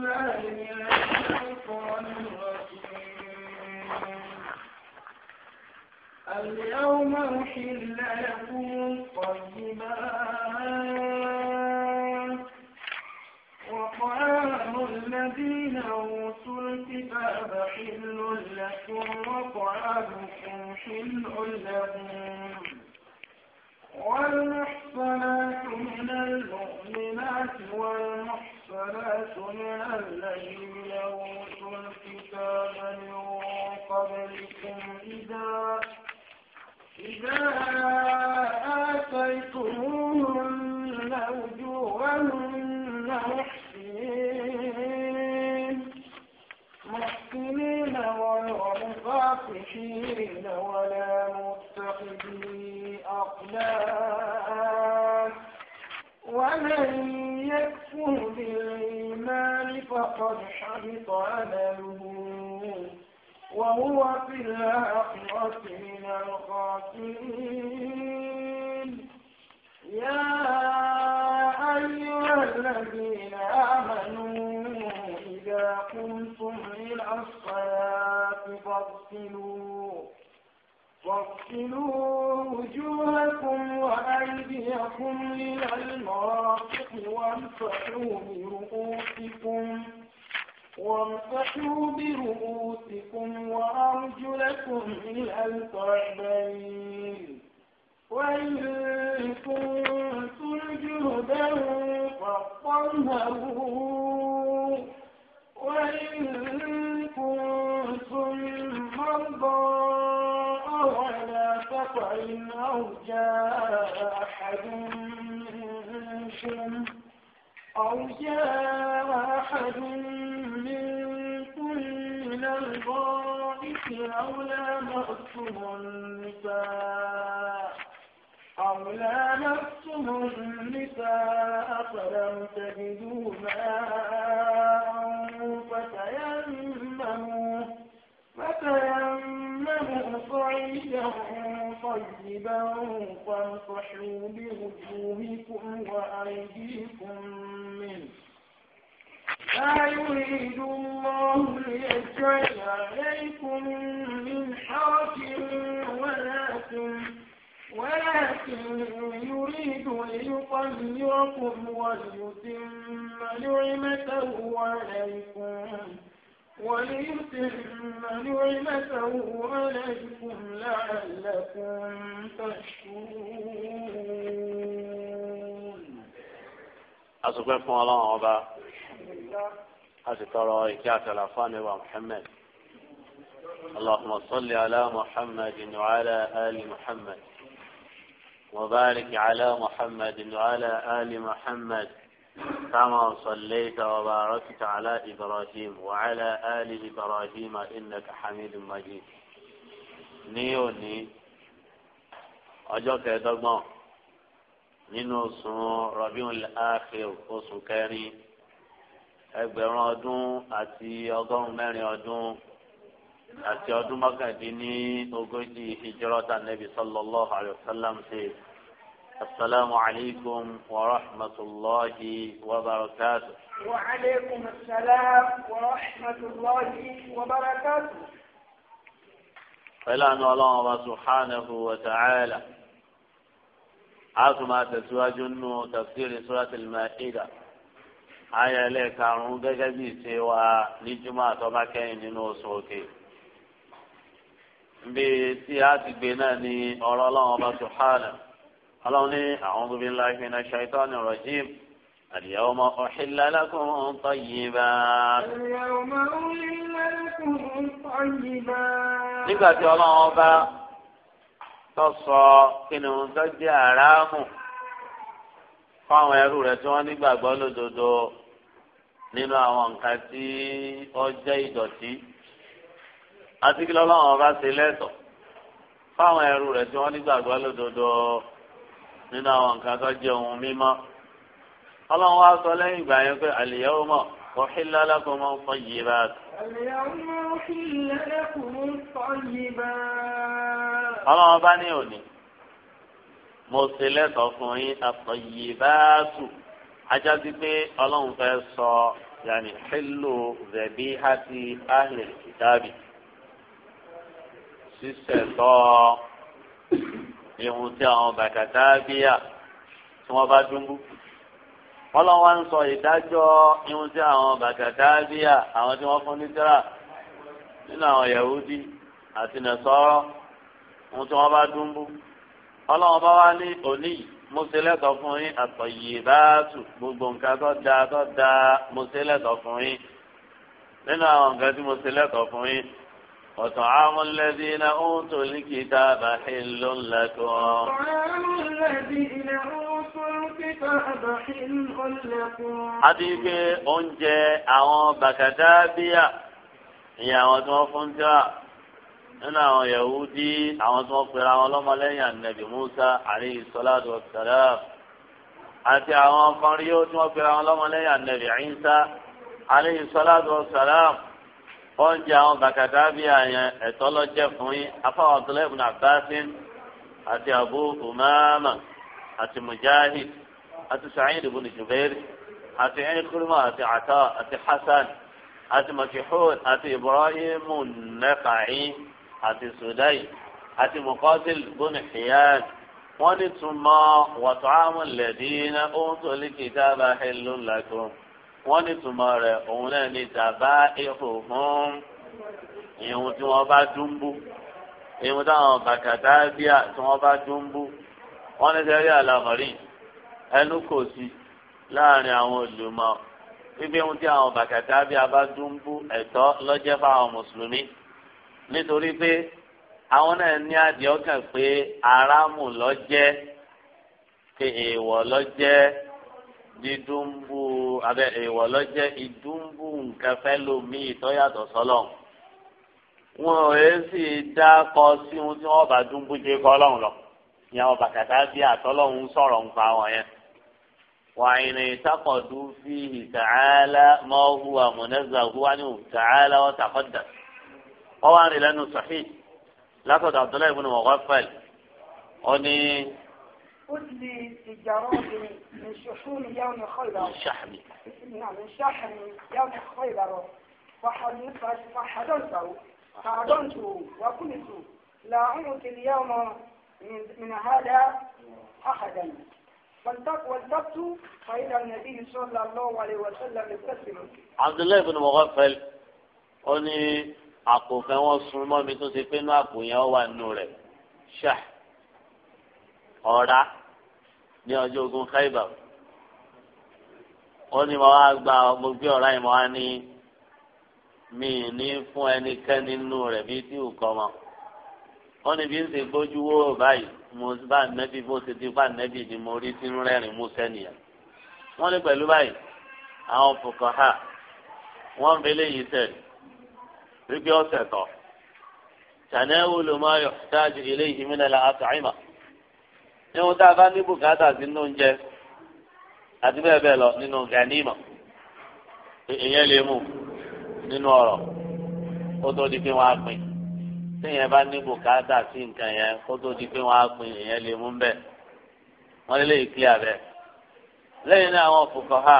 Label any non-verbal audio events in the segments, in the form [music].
بالله من الشيطان الرجيم اليوم أحل لكم الطيبات وطعام الذين أوتوا الكتاب حل لكم وطعامكم حل لهم والمحصنات من المؤمنات والمحصنات صلاة من الليل يوتوا الكتاب من قبلكم إذا إذا آتيتموهن أجورهن محسنين محسنين غير مفاقشين ولا متخذي أقلام ومن يكفر بالإيمان فقد حبط عمله وهو في الآخرة من الخاسرين يا أيها الذين آمنوا إذا قمتم إلى الصلاة فاغسلوا واغسلوا وجوهكم وأيديكم إلى المرافق وامسحوا برؤوسكم وامسحوا برؤوسكم وأرجلكم إلى الكعبين وإن كنتم جهدا فاطهروا وإن كنتم مرضى وإن أرجى أحد منكم أو جاء أحد منكم من الغائط أو لامستم النساء أو لامستم النساء فلم تجدوا ماء فتيمموا فتيمموا صعيدا طيبا فامسحوا بوجوهكم وأيديكم منه لا يريد الله ليجعل عليكم من حرج ولكن ولكن يريد ليطهركم وليتم نعمته عليكم وليتم نعمته عليكم لعلكم تشكرون أصبح فún ọlọ́run ọba a sì tọrọ ìkẹ́ àtàlà fún àníwá Muhammad اللهم صل على محمد وعلى آل محمد وبارك على محمد وعلى آل محمد كما صليت وباركت على إبراهيم وعلى آل إبراهيم إنك حميد مجيد نيوني أجوك دقمو nínú oṣù Rabiul Akhir oṣù kẹrin ẹgbẹ̀rún ọdún àti ọgọ́rùn mẹ́rin ọdún àti ọdún mọ́kàndínní ogójì hijrata Nabi sallallahu alayhi wa sallam ṣe. السلام عليكم ورحمة الله وبركاته وعليكم السلام ورحمة الله وبركاته فلا الله سبحانه وتعالى عاصمة تسواج تفسير سورة المائدة آية لك عن جدي سوى لجمعة مكين نوصوكي bí بناني a ti سبحانه ọlọ́run ní a'udhu billahi minash shaitani rajim. اليوم أحل لكم طيبات اليوم أحل لكم طيبات nígbà tí ọlọ́run bá tó sọ kí ni ohun tó jẹ́ àràmù fáwọn ẹrú rẹ̀ tí wọ́n nígbàgbọ́ lódodo nínú àwọn nǹkan tí ó jẹ́ ìdọ̀tí àti kí lọ́lọ́run bá ṣe lẹ́tọ̀ fáwọn ẹrú rẹ̀ tí wọ́n nígbàgbọ́ lódodo nínú àwọn nǹkan tó jẹ́ ohun mímọ́ ọlọ́run wá sọ lẹ́yìn ìgbà yẹn pé àlìyáwó mọ̀ kò hílá lákòmọ́ fọ́ yìí bá a. àlìyáwó mọ̀ hílá lákòmọ́ fọ́ yìí bá a. bá ní òní mo ṣe lẹ́tọ̀ọ́ fún yín àtọ̀ yìí bá tù ajá sí pé ọlọ́run fẹ́ sọ yàní hílò rẹ̀bí àti ahlẹ̀ kìtàbì ṣíṣẹ̀ tọ́ ihun tí àwọn bàtàtà bíyà tí wọ́n bá dúnbú wọ́n lọ wá ń sọ ìdájọ́ ihun tí àwọn bàtàtà bíyà àwọn tí wọ́n fún ní tíra nínú àwọn yahudi àti nàṣọ́rọ́ ohun tí wọ́n bá dúnbú ọlọ́run bá wá ní òní mo ṣe lẹ́tọ̀ọ́ fún yín àtọ̀yè bá tù gbogbo nǹkan tó da tó da mo ṣe lẹ́tọ̀ọ́ fún yín nínú àwọn nǹkan tí mo ṣe lẹ́tọ̀ọ́ fún yín. وطعام الذين أوتوا الكتاب حل لكم طعام الذين أوتوا الكتاب حل لكم حديث أنجى أو بكتابية يا وطوفنتا nínú àwọn yahudi àwọn tí wọn pera àwọn ọlọmọlẹ́yìn anabi musa alayhi salatu wa salam àti àwọn fanriyo tí wọn pera àwọn ọlọmọlẹ́yìn anabi isa alayhi salatu wa salam oúnjẹ àwọn bàkàtà bí àyàn ẹ̀tọ́ lọ́jẹ́ fún yín afáwọn Abdullahi ibn Abbasin àti Abu Umama àti Mujahid àti Sa'id ibn Jubair àti ẹnìkúrúmọ àti Ata àti Hasan àti Makihud àti Ibrahim Naka'i àti Sudai àti Muqatil ibn Hiyad wọ́n ní túmọ̀ wàtúwàmù lẹ́dínà ó tó lè kìtàbà hẹ́lú làkùn wọ́n ní tùmọ̀ rẹ̀ òun náà ní dàbá ihò fún ìhun tí wọ́n bá dúnbú ìhun táwọn bàkàtà bíà tí wọ́n bá dúnbú wọ́n ní sẹ́rí àlàmọ́rí ẹnu kò sí láàrin àwọn olùmọ̀ wípé ohun tí àwọn bàkàtà bíà bá dúnbú ẹ̀tọ́ lọ́jẹ́ fáwọn mùsùlùmí nítorí pé àwọn náà ní àdìẹ ọkàn pé aráàmù lọ́jẹ́ pé èèwọ̀ lọ́jẹ́ dídúnbú abẹ èèwọ̀ lọ́jẹ́ ìdúnbù nǹkan fẹ́ lómii tó yàtọ̀ sọ́lọ̀ wọn ò yẹ sì dákọ sí ohun tí wọn bá dúnbù jẹ́ kọ́ ọlọ́run lọ ìyá wọn bàtàtà bí àtọ́lọ́run sọ̀rọ̀ ń pa wọn yẹn wàhìnì sákọ̀dù fi ìtàhálà mọ́hù àmọ̀nẹ́zà húwánì ìtàhálà wọn tàkọ́dà wá rìn lẹ́nu sọ̀hìn látọ̀dọ̀ Abdullahi ibn Mughaffal ó ní. كل تجاراتي من شحون يوم خيبر من شحن نعم من شحن يوم خيبر فحضنته فحضنته وكنت لا أمت اليوم من, من هذا أحدا والتقت فإلى النبي صلى الله عليه وسلم يستسلم عبد الله بن مغفل أني àpò kan من تسفين mọ́ mi tó ṣe pé inú àpò ọ̀rá ní ọjọ́ ogun Khaibar ó ní mo wá gba mo gbé ọ̀rá yìí mo wá ní mi ní fún ẹnikẹ́ni nínú rẹ̀ bí tí ò kọ́ mọ́ ó ní bí ń ṣe gbójú wó báyìí mo bá nẹ́bí bó ṣe ti bá nẹ́bí ni mo rí sínú rẹ́rìn mú sẹ́niyàn wọ́n ní pẹ̀lú báyìí àwọn fuqaha wọ́n ń belé yìí wípé ọ̀sẹ̀ tọ̀ ṣànẹ́wò ló máa yọ̀ ṣáájú ilé ìhìnmílẹ̀ la àtàìmọ̀ ihun tá a bá ní bùkátà sí nínú oúnjẹ àti bẹ́ẹ̀ bẹ́ẹ̀ lọ nínú gànímọ̀ èèyàn lè mú nínú ọ̀rọ̀ kó tó di pé wọ́n á pín téèyàn bá ní bùkátà sí nǹkan yẹn kó tó di pé wọ́n á pín èèyàn lè mú bẹ́ẹ̀ wọ́n lé léyìí kílíà bẹ́ẹ̀ lẹ́yìn náà àwọn fòkàn ha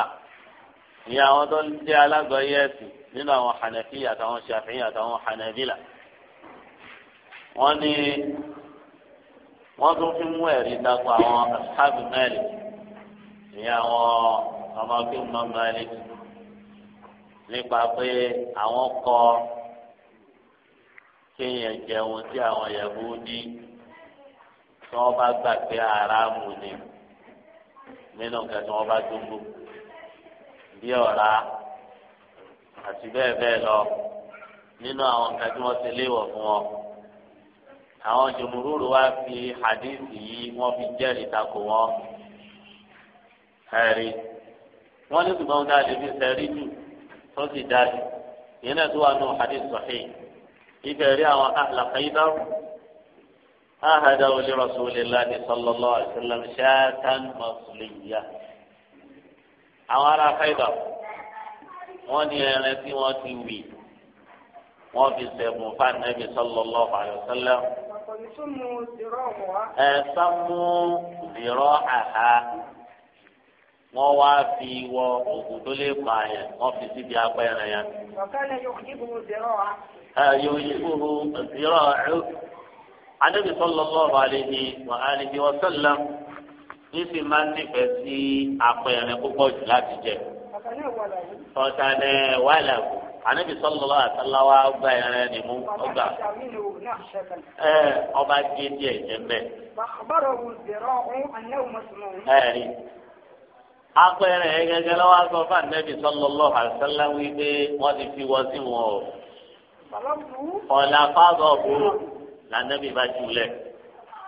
ìyẹn àwọn tó ń jẹ́ alágbọ̀ọ́yé ẹ̀sìn nínú àwọn hànàfíyà àtàwọn ṣàfihàn àtàwọn hànàbílà wọ́n ní wọ́n tún fi mú ẹ̀rí dáko àwọn asáàbù mẹ́rin ìyẹn àwọn ọmọ akéwòn mẹ́rin nípa pé àwọn kọ kéèyàn jẹun tí àwọn yẹ̀wò ní tí wọ́n bá gbà pé aráàmù ni nínú nǹkan tí bá dúró bí ọ̀rá àti bẹ́ẹ̀ bẹ́ẹ̀ lọ nínú àwọn nǹkan tí ti léwọ̀ fún wọn àwọn jòmùrúrù wa fi hadithi yìí wọ́n fi jẹ́rìí takò wọn ẹ̀rí wọ́n ní ṣùgbọ́n dáa lè fi sẹ́rí jù tó sì dáa jù yìí náà tó wà nù hadith sahih ibẹ̀ rí àwọn ahla Khaybar ahadaw li rasulillahi sallallahu alaihi wasallam shatan masliyah àwọn ará Khaybar wọ́n ní ẹran tí wọ́n ti wì wọ́n fi sẹ̀bùn fún anabi sallallahu alaihi wasallam ẹ sámú zìrọ àhá wọ́n wá fi wọ oògùn tó lè pa yẹn wọ́n fi síbi apẹ̀rẹ̀ yẹn. yóò yí kúrú zìrọ ẹ̀rú. Adébí sallallahu alayhi wa alihi wa sallam ní sì máa ń nífẹ̀ẹ́ sí apẹ̀rẹ̀ púpọ̀ jù láti jẹ. ọ̀tàn ẹ̀ wà láwù anabi sọlọlọ àtàláwa ọgbà ẹrẹ ni mú ọgbà ẹ ọba gé díẹ̀ jẹ mẹ. ẹ rí akpẹrẹ yẹn gẹ́gẹ́ lọ́wọ́ akpọ fún anabi sọlọlọ àtàlá wípé wọn ti fi wọn sí wọn o. ọ̀là fáwọn ọ̀bùrù lànàbí bá jùlẹ̀.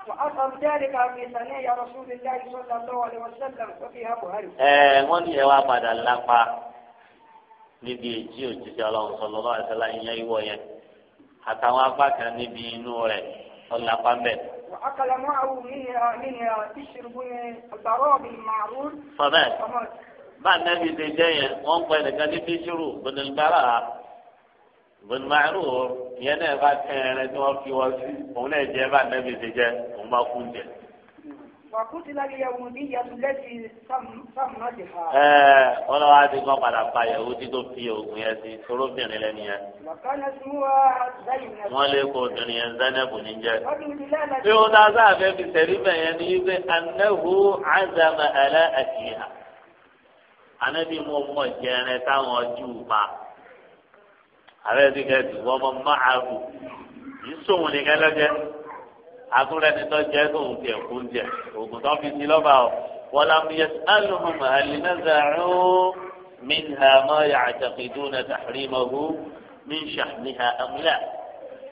وأثر ذلك في ثنايا رسول الله صلى الله إيه، من يوافق الله níbi èjì òjijì ọlọ́run sọlọ lọ́wọ́ àtẹlá ìyẹn ìwọ yẹn àtàwọn apá kan níbi inú rẹ̀ ọ̀làpá mbẹ. وأكل معه منها منها تشرب الضراب المعروف فمات بعد النبي دجاية وانقى لك في شروع بن البراء بن معروف ينا بعد كان يتوفي وفي هنا جاء بعد النبي دجاية وما كنت Ẹ̀ẹ́ ọlọ́wọ́ á ti gbọ́ padà pa ìyàwó tí tó fi oògùn yẹn sí sorobìnrin lẹ́nu yẹn. Wọ́n lé kó obìnrin yẹn Zainabu ní jẹ́. Bí o ta sáà fẹ́ fi tẹ̀lé bẹ̀ yẹn ní wípé Anahu Azama Ẹlẹ́ Ẹ̀kìyà. Anabi mo mọ̀ jẹrin táwọn Júù pa. Àbẹ́ ti wọ́n mọ̀ máa rù. Yìí sóhun nìkan lọ́jẹ́ àtúrẹ́ ni tó jẹ́ tó ń tiẹ̀ kó ń jẹ òògùn tó fi sí lọ́ba o wọ́n lọ fi yẹsẹ̀ alùpùpù àlìmẹ́sàrú minhamọ́ yàtàkìdú na tàhírímọ́hu minṣàmìhà amúlà.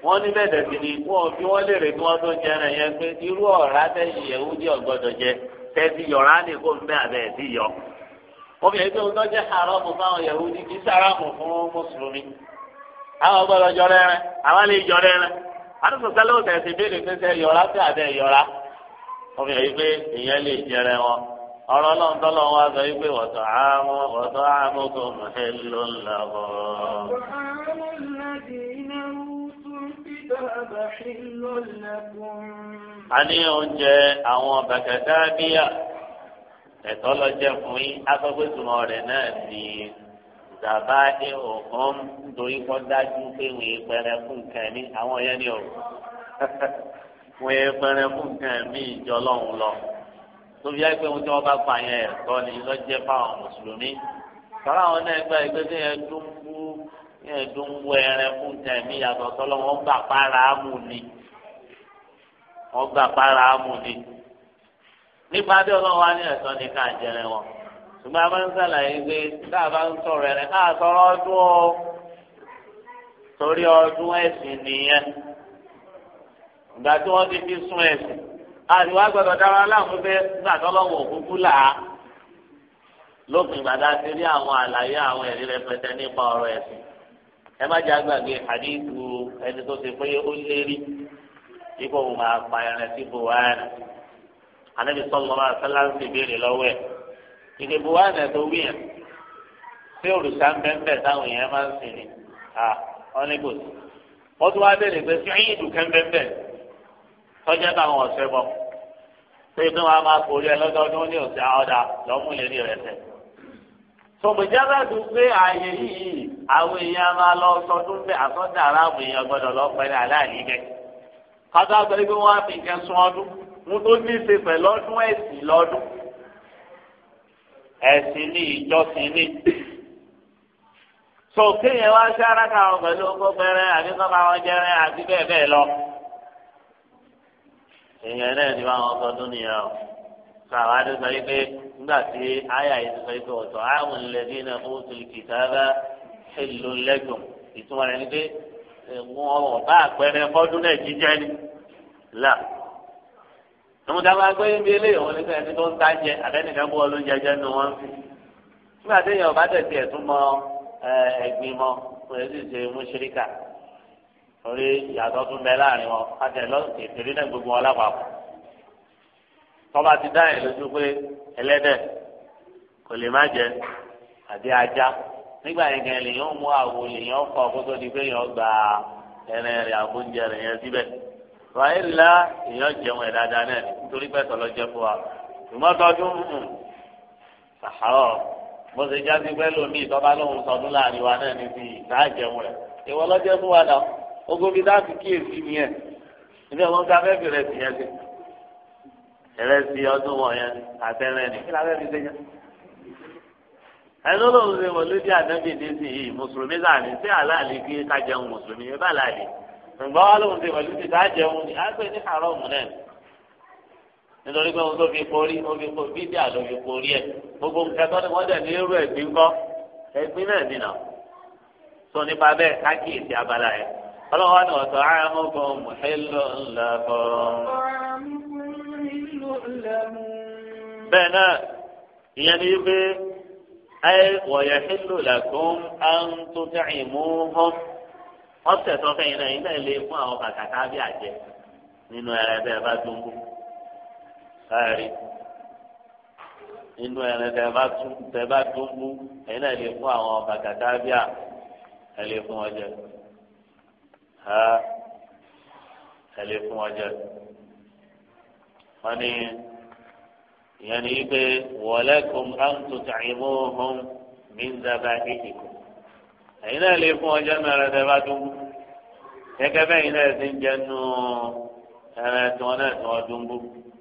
wọ́n ní bẹ́ẹ̀ dẹ̀ sí ni wọ́n fi wọ́n léèrè kí wọ́n tó jẹ́ rẹ̀ yẹn pé irú ọ̀rá tẹ́yìn yẹ̀wú jẹ́ ọ̀gbọ́dọ̀ jẹ tẹ́sí yọ̀rá ní kó ń bẹ́ àbẹ́ ẹ̀sí yọ. obìnrin tó ń tọ́jú haramu fáwọn yẹ̀wú ní kí sáràmù fún mùsùlùmí. àwọn gbọ́dọ̀ jọ àdùsọ̀sẹ́ ló tẹ̀sí bí nìkan sẹ́ yọra sí àdé yọra ọmọ yẹn pé ìyẹn lè jẹrẹ wọn ọ̀rọ̀ náà tọ́lọ̀ wọn sọ wípé wọ̀tọ̀ àmú wọ̀tọ̀ àmú kò mọ̀ ẹ́ ló ń lọ bọ̀. a ní oúnjẹ àwọn bàkàtà bíyà ẹ̀tọ́ lọ jẹ fún yín afẹ́gbẹ́sùmọ̀ rẹ̀ náà ní dàbá ihò kan nítorí kọ́ dájú pé wọ́n yé pẹrẹ fún nǹkan mi àwọn yẹn ni o [laughs] wọ́n yé pẹrẹ fún nǹkan mi ìjọ lọ́hùn lọ tóbi àìpé wọn tí wọ́n bá pa yẹn ẹ̀tọ́ ni lọ́jẹ́ fáwọn mùsùlùmí sọ́ra àwọn náà gbà ẹgbẹ́ tí yẹn dún kú yẹn dún kú ẹrẹ fún nǹkan mi yàtọ̀ sọ́lọ́ wọn gbà para mú ni wọ́n gbà para mú ni nípa bí ọlọ́wọ́ á ní ẹ̀tọ́ ni ká ṣùgbọ́n a máa ń sàlàyé pé tá a bá ń sọ̀rọ̀ ẹ̀rẹ̀ á sọ̀rọ̀ ọdún o torí ọdún ẹ̀sìn nìyẹn ìgbà tí wọ́n ti fi sún ẹ̀sìn àríwá gbọdọ̀ dára láàmú pé gbàtọ́ lọ́wọ́ òkúkú là á lópin ìgbà tá a ti rí àwọn àlàyé àwọn ẹ̀rí rẹpẹtẹ nípa ọ̀rọ̀ ẹ̀sìn ẹ má jẹ́ àgbàgbé àdínkù ẹni tó ti pé ó lérí ipò òun máa pa ẹran síbò wáyà náà ànábi sọ́lọ́ máa ń sì lọ́wọ́ ẹ̀ ìdìbò wa nà tó wíyàn tí òrùsà ń bẹ́ ń bẹ̀ táwọn èèyàn máa ń sìn ni wọ́n ní kò sí wọ́n tún wá bẹ̀rẹ̀ pé sí ẹ̀yìn ìdùkẹ́ ń bẹ́ ń bẹ̀ tọ́jà táwọn ọ̀sẹ̀ bọ̀ pé kí wọ́n á máa forí ẹ lọ́dọọdún ní ọ̀sẹ̀ ọ̀dà lọ́mú yẹn ní ìrẹsẹ̀ sọmọjábà tó gbé ààyè yìí àwọn èèyàn máa lọ sọdún bẹ àsọdà aráàlú èèyàn gbọ́dọ̀ lọ ẹ̀sìn ní ìjọsìn ní. so kéèyàn wá sí aráka wọn pẹ̀lú ogún pẹrẹ àbí kọ́ máa wọn jẹrẹ àbí bẹ́ẹ̀ bẹ́ẹ̀ lọ. èèyàn náà ti máa wọn sọdún nìyẹn o. sàwọn adé sọ yìí pé nígbà tí àyà yìí ti sọ yìí pé ọ̀tọ̀ àwọn ìlẹ́bí náà ó ti kìtàbà èlò lẹ́gùn ìtumọ̀ rẹ̀ ni pé wọn ọ̀bá àpẹẹrẹ fọ́dún náà jíjẹ́ ni àwọn dábàá gbé ń bí eléyìí wọn nípa ẹni tó ń dájẹ àtẹnìkan bú ọlọ́run jẹjẹ nu wọn fi nígbà téèyàn bá tẹ̀sí ẹ̀tún mọ ẹ̀gbin mọ kò lè sì ṣe mùṣírikà torí ìyàtọ̀ tún bẹ láàrin wọn àtẹ̀lọ́ ìtòrí náà gbogbo wọn lápapọ̀ tọ́ba ti dá ẹ̀ lójú pé ẹlẹ́dẹ̀ kò lè má jẹ àbí ajá nígbà yẹn gan lèyàn mú àwò lèyàn fọ kó tó di wàhálà èèyàn jẹun ẹ̀ dáadáa náà ni nítorí pé tọ́lọ́ jẹ́ fún wa ìmọ̀tọ́dún sàárọ̀ mm, mm. mo sì já sí pé lómi ìtọ́ba lóhun sọdún láàrin wa náà níbi ìdájẹun rẹ̀ ìwọ lọ́jọ́ fún wa náà ogun bíi láti kíyèsí nìyẹn ilé wọn ká fẹ́ bẹ̀rẹ̀ sí yẹn sí ọdún wọn yẹn àtẹrẹ ni kí la fẹ́ fi ṣe yẹn ẹnu lòun ṣe wọlé dí ànábì sí yìí mùsùlùmí láàrin sí àlàálì kí ká jẹun mùsùlùmí ẹ bá láàrin ǹgbọ́n wa lóun ti pẹ̀lú ti sáà jẹun ni àgbẹ̀ ní haram náà nítorí pé òun tó fi porí ó fi po bídíà ló fi porí ẹ̀ gbogbo nǹkan tó ní wọ́n dẹ̀ ní irú ẹ̀gbín kọ́ ẹ̀gbín náà nìyà sọ nípa bẹ́ẹ̀ kákìyèsí abala yẹn ọlọ́wọ́ ni ọ̀tọ̀ ààmúkọ mùhílò ńlá kọ́. bẹ́ẹ̀ náà ìyẹn ni pé ẹ wọ̀yẹ̀ hílò làkún à ń tó tẹ̀ ìmú hàn ọ̀sẹ̀ tó fẹ́ yín náà yín náà lè fún àwọn bàkàtà bí àjẹ nínú ẹrẹ bẹ́ẹ̀ bá dúnbó káàrí nínú ẹrẹ bẹ́ẹ̀ bá bẹ́ẹ̀ bá dúnbó ẹ̀yin náà lè fún àwọn bàkàtà bí à ẹ lè fún ọjẹ ha ẹ lè fún ọjẹ wọn ni ìyẹn ni wípé wọlé kùn án tó tàyè mọ́ ọ́n mi ń dábàá kékeré ẹ̀yin náà lè fún ọjọ́ náà rẹ̀ tẹ́ bá dún gẹ́gẹ́ bẹ́yìn náà ti ń jẹnu ẹ̀rẹ̀ tí wọ́n náà tí wọ́n dún bú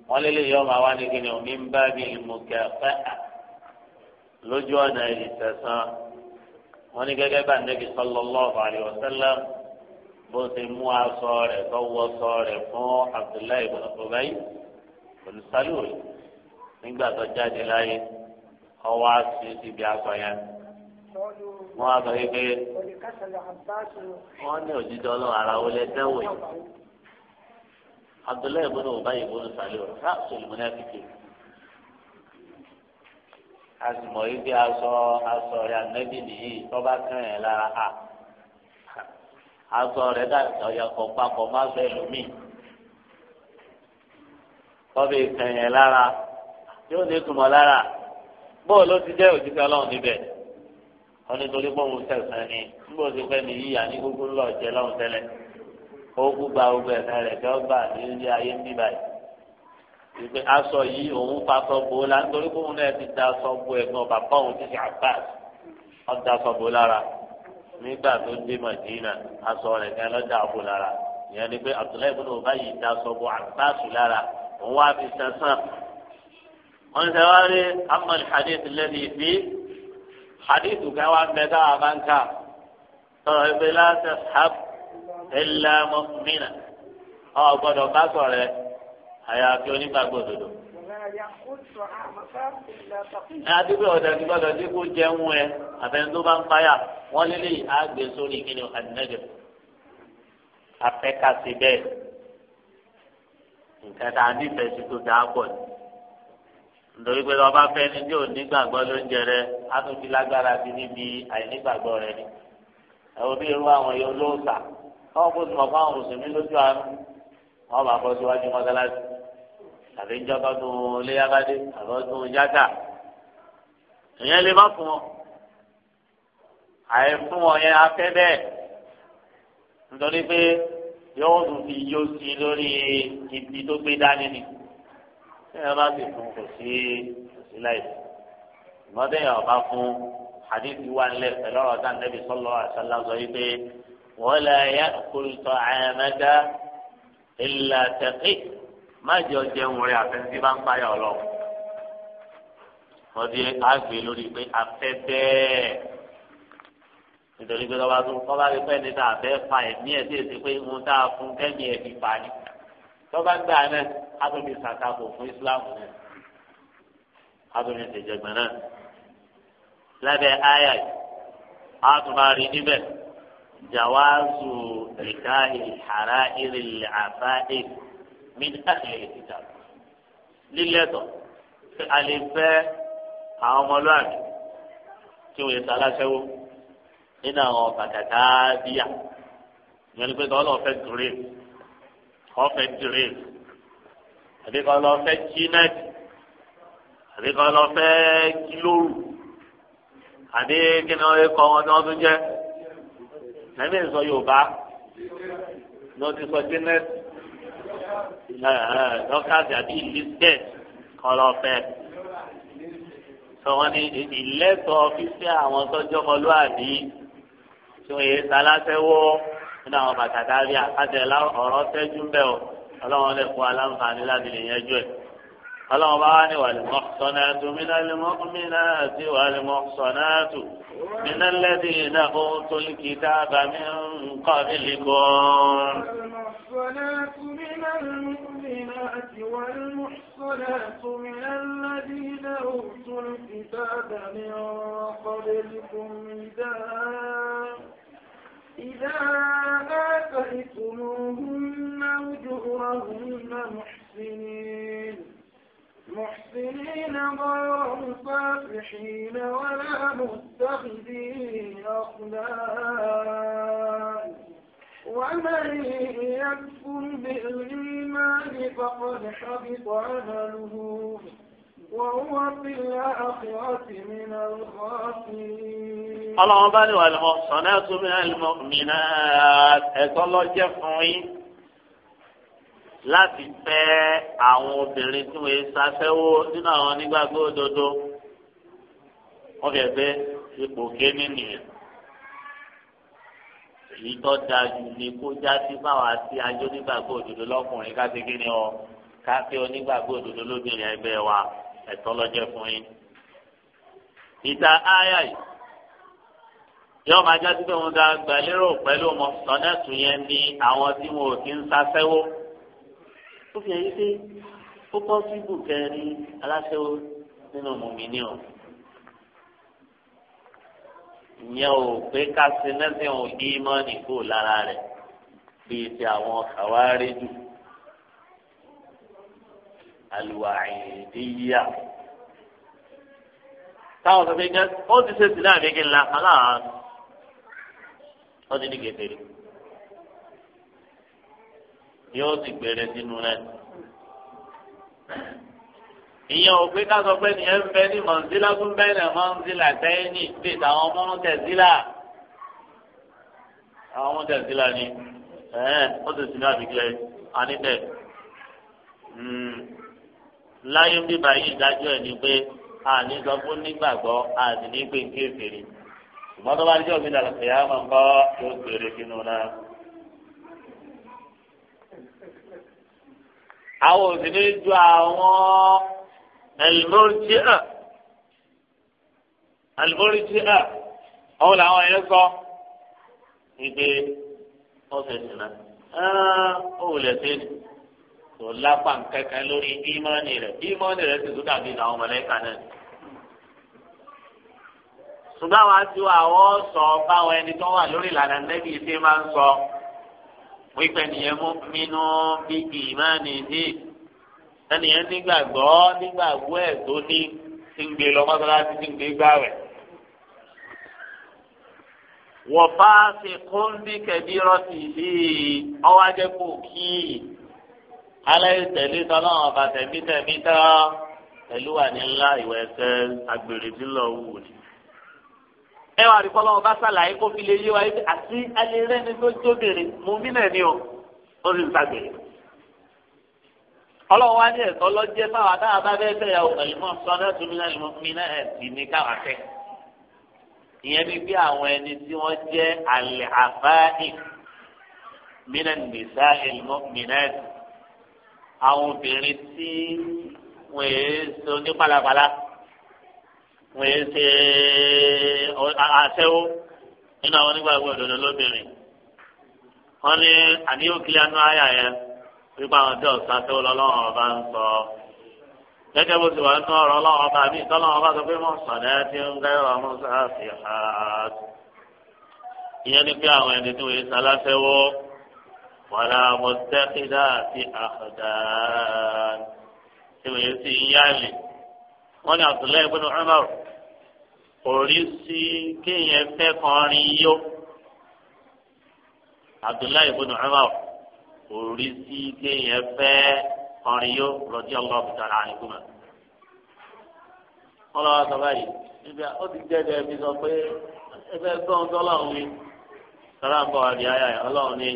wọ́n lé lè yọ ọmọ àwa ní kíni omi ń bá bí ìmùkẹ́ fẹ́ lójú ọ̀nà ìtẹ̀sán wọ́n ní gẹ́gẹ́ bá nẹ́bí sallallahu alaihi wasallam bó ti mú aṣọ rẹ̀ tọ́wọ́ sọ rẹ̀ fún Abdullahi ibn Ubay olùsálùwẹ̀ nígbà tó jáde láyé ọwọ́ àti ibi aṣọ yẹn wọ́n á sọ wípé wọ́n ní òjijì ọlọ́run ara wo lẹ dẹ́wọ̀ yìí abdullahi ibn ubayi ibn saliu ha sulimuna fike azumọ yìí bí aṣọ aṣọ rẹ anabi nìyí tọba kàn yẹn lára a aṣọ rẹ dà ọyà kọpa kọ má fẹ lómi tọba kàn yẹn lára yóò ní ìtumọ̀ lára bóòlù ti jẹ́ òjijì ọlọ́run níbẹ̀ wọn nítorí pé òun sẹ̀sán ni nígbà tó fẹ́ mi yíyà ní gbogbo ńlọ jẹ lọ́hùn tẹ́lẹ̀ ó kú gba gbogbo ẹ̀sán rẹ̀ tẹ́ ó gbà ní ilé ayé ń bí báyìí ìpè aṣọ yìí òun fa aṣọ bò la nítorí pé òun náà ti da aṣọ bò ẹ̀gbọ́n bàbá òun ti ṣe Abbas ọ̀dà aṣọ bò lára nígbà tó dé Madina aṣọ rẹ̀ kan lọ́dà bò lára ìyẹn ni pé Abdullahi ibùdó hadithu kan wà mẹ́ta àbáńkà sọ̀rọ̀ ẹgbẹ́ láti hab ẹ̀là mọ́mìnà ọ̀ gbọ́dọ̀ bá sọ̀rẹ́ àyàfi onígbàgbọ́ òdodo. àti bí ọ̀dà ti gbọ́dọ̀ tí kò jẹun ẹ àbẹ̀ni tó bá ń payà wọ́n lélẹ̀ àgbẹ̀ sórí ìkíni àdínẹ́jọ. afẹ́kàsí bẹ́ẹ̀ nǹkan tá a nífẹ̀ẹ́ sí tó dáa pọ̀ ni nítorí pé ọba fẹ́ ni tí ò nígbàgbọ́ ló ń jẹrẹ á tún fi lágbára sí níbi àìnígbàgbọ́ rẹ ni ẹ̀rọ bí irú àwọn yóò lóòótà káwọn kó tìmọ̀ fáwọn mùsùlùmí lójú àánú wọn bá bọ́ síwájú mọ́sálásí tàbí ń jọba tó léyàbádé àbọ̀ tó yáta ìyẹn lè má fún wọn àìfún wọn yẹn afẹ́ bẹ́ẹ̀ nítorí pé yóò tún fi yóò sí lórí ibi tó gbé dání ni sẹ́yìn bá sì fún kò sí kò sí láì ìmọ̀tẹ́yìn ọba fún hadith wa ńlẹ̀ pẹ̀lú ọ̀rọ̀ tá nẹ́bí sọ́lọ́ àṣàlá sọ yìí pé wọ́n lè yá kólítọ̀ àyàmẹ́dá ìlà tẹ̀kí má jọ jẹun rẹ̀ àfẹ́sí bá ń payà ọlọ́ wọ́n di àgbè lórí pé afẹ́ bẹ́ẹ̀ nítorí pé lọ́ba tó kọ́ bá rí pẹ́ níta àfẹ́ fa ẹ̀mí ẹ̀ sí èsì pé ń ta fún kẹ́mi ẹ̀ fi pa ni tọ́ba gbà náà adùnmí sàkàbò fún islam náà adùnmí tẹ̀jẹ̀gbẹ̀ náà lábẹ́ àyà yìí àtùmárì níbẹ̀ jàwáàzù ìka ìhàrá ìrìlẹ̀ àfáì min àhìlẹ̀ ìtìjà lílẹ̀tọ̀ àlefẹ́ àwọn ọmọlúwàbí tí wọ́n yẹ sàlásẹ́wó nínú àwọn bàtàkà bíyà ìyẹn ló pé tọ́lọ́ fẹ́ dùrẹ́ ọ̀fẹ́ dùrẹ́ àbí kan lọ fẹ́ jínáàdì àbí kan lọ fẹ́ kílóòrù àbí kí ni wọ́n lè kọ́ wọn tí wọ́n tún jẹ́ ẹ̀mí sọ Yorùbá ní wọ́n ti sọ jínáàdì dọ́kítàsì àbí ìlísẹ̀ kan lọ fẹ́ sọ wọn ni ìlẹ́tọ̀ ọ́fíìsì àwọn tọ́jọ́ ọlọ́àbí tí wọ́n yẹ sálásẹ́wọ́ nínú àwọn bàtà dárí àkàtẹ̀ ọ̀rọ̀ sẹ́jú bẹ́ẹ̀ ọlọ́wọ́n lè kó aláǹfààní láti lè yẹjú ẹ̀ ọlọ́wọ́n bá wá ní wàlímọ́ sọ́nàtù mínálímọ́ mínàtì wàlímọ́ sọ́nàtù mínálẹ́dì iná kó tó ń kí dábàá mi ń kọ́ nílì gan. والمحصنات من المؤمنات والمحصنات من الذين أوتوا الكتاب من قبلكم إذا إذا آتيتموهن أجورهن محسنين محسنين غير مسافحين ولا متخذين أخلاق ومن يكفر بالإيمان فقد حبط عمله وهو في الآخرة من الخاسرين اللهم بارك والمحصنات من المؤمنات ẹ̀tọ́ jẹ́ fún yín láti fẹ́ àwọn obìnrin tí wọ́n ṣàfẹ́wó nínú àwọn onígbàgbọ́ òdodo wọ́n fẹ́ bẹ́ ipò kéènì nìyẹn èyí tó dáa jù ní kó já sí báwa sí ajó onígbàgbọ́ òdodo lọ́kùnrin ká ti kí ni ọ ká fẹ́ onígbàgbọ́ òdodo lóbìnrin ẹgbẹ́ wa ẹ̀tọ́ lọ́jẹ́ fún yín. ìta áyà yìí yóò máa jásí pé wọn gbà lérò pẹ̀lú ọmọ sọ́nẹ́ẹ̀tù yẹn ní àwọn tí wọn ò ti ń sasẹ́wó. ó fi èyí pé ó bọ́ sí ibùkẹ́rí aláṣẹ́wó nínú mùmíní o. ìyẹn ò pé ká sinẹ́sìn ìmọ̀ nìkó lára rẹ̀ bíi ti àwọn kàwárí jù aluwaɛdiya táwọn sọ pé gẹ ó ti ṣe sílẹ̀ àgbègbè ńlá aláàánú ó ti di kékeré yóò ti gbèrè sínú rẹ̀ ìyẹn ò pé ká sọ pé ní ẹ ń bẹ ní mọ̀nsílá tún bẹ́ẹ̀ náà mọ̀nsílá sẹ́yìn ní ìpè táwọn ọmọ ń tẹ̀sílà àwọn ọmọ tẹ̀sílà ni ẹ̀ẹ́n ó ti sílẹ̀ àbíkẹ́ anítẹ̀ láyé bíbá yìí dájọ́ ẹ̀ ni pé àní sọ fún nígbàgbọ́ àti ní pé kí èfèrè ṣùgbọ́n tó bá jẹ́ òbí dàgbà pé àwọn ọkọ yóò gbèrè sínú náà. àwọn òsì ní ju àwọn ẹlmọ́rìtìá ẹlmọ́rìtìá àwọn làwọn yẹn sọ ìgbé ọ̀sẹ̀ sínú. ó wulẹ̀ sí kò lápá nǹkankan lórí ìmọ̀ọ́nì rẹ̀ ìmọ̀ọ́nì rẹ̀ sì tún dàbí àwọn mọ̀lẹ́kà náà ṣùgbọ́n àwọn aṣọ àwọn sọ báwọn ẹni tó wà lórí ìlànà nẹ́bí ṣe máa ń sọ wípé nìyẹn mú mímú bí ìmọ̀ọ́nì ní ẹnìyẹn nígbàgbọ́ nígbàgbọ́ ẹ̀ tó ní ti ń gbé lọ mọ́sálásí ti ń gbé gbàwẹ̀ wọ́n bá ṣe kó ń bí kẹ̀bí rọ́ọ̀tì yìí aláyé tẹ̀lé tọ́lá wọn bá tẹ̀mí tẹ̀mí tán pẹ̀lú wà ní ńlá ìwà ẹsẹ̀ agbèrè tí lọ wù ní. ẹ wà rí kọ́lọ́wọ́ bá sàlàyé kó fi lè yé wa yìí àti alẹ́ rẹ ni tó jóbèrè mú mí náà ni o ó sì ń sàgbèrè. ọlọ́wọ́ wa ní ẹ̀tọ́ lọ́jẹ́ fáwọn àtàwọn bá bẹ́ẹ̀ fẹ́yà o pẹ̀lú mọ́ sọ́dọ̀ tó ní káwọn fẹ́. ìyẹn bí bí àwọn obìnrin tí wọ́n yé so ní palapala wọ́n yé ṣe aṣẹ́wó nínú àwọn onígbàgbọ́ òdodo lóbìnrin wọ́n ní àníyàn kílíà nú àyà yẹn wípé àwọn tí ọ̀sán aṣẹ́wó lọ́lọ́wọ́ ọba ń sọ gẹ́gẹ́ bó ti wà nínú ọ̀rọ̀ ọlọ́wọ́ ọba mi tọ́lọ́wọ́ ọba sọ pé mọ̀ sọ̀dẹ́ tí ń gẹ́rọ ọmọ sáà fi ìyẹn ni pé àwọn ẹni tí wọ́n yé ṣe aláṣẹ́wó wàlá mọ̀tẹ́kìdá àti àkàdán tí wọ́n yẹ sí yáàlì wọ́n ní Abdullahi ibn Umar orí sí kéèyàn fẹ́ kọrin yó Abdullahi ibn Umar orí sí kéèyàn fẹ́ kọrin yó radiyallahu ta'ala anhuma wọ́n lọ́wọ́ sọ báyìí níbi ó ti jẹ́ mi sọ pé ẹgbẹ́ gbọ́n tọ́lá òun ni sọ́lá ń bọ̀ wá di ayà yẹn ọlọ́run ni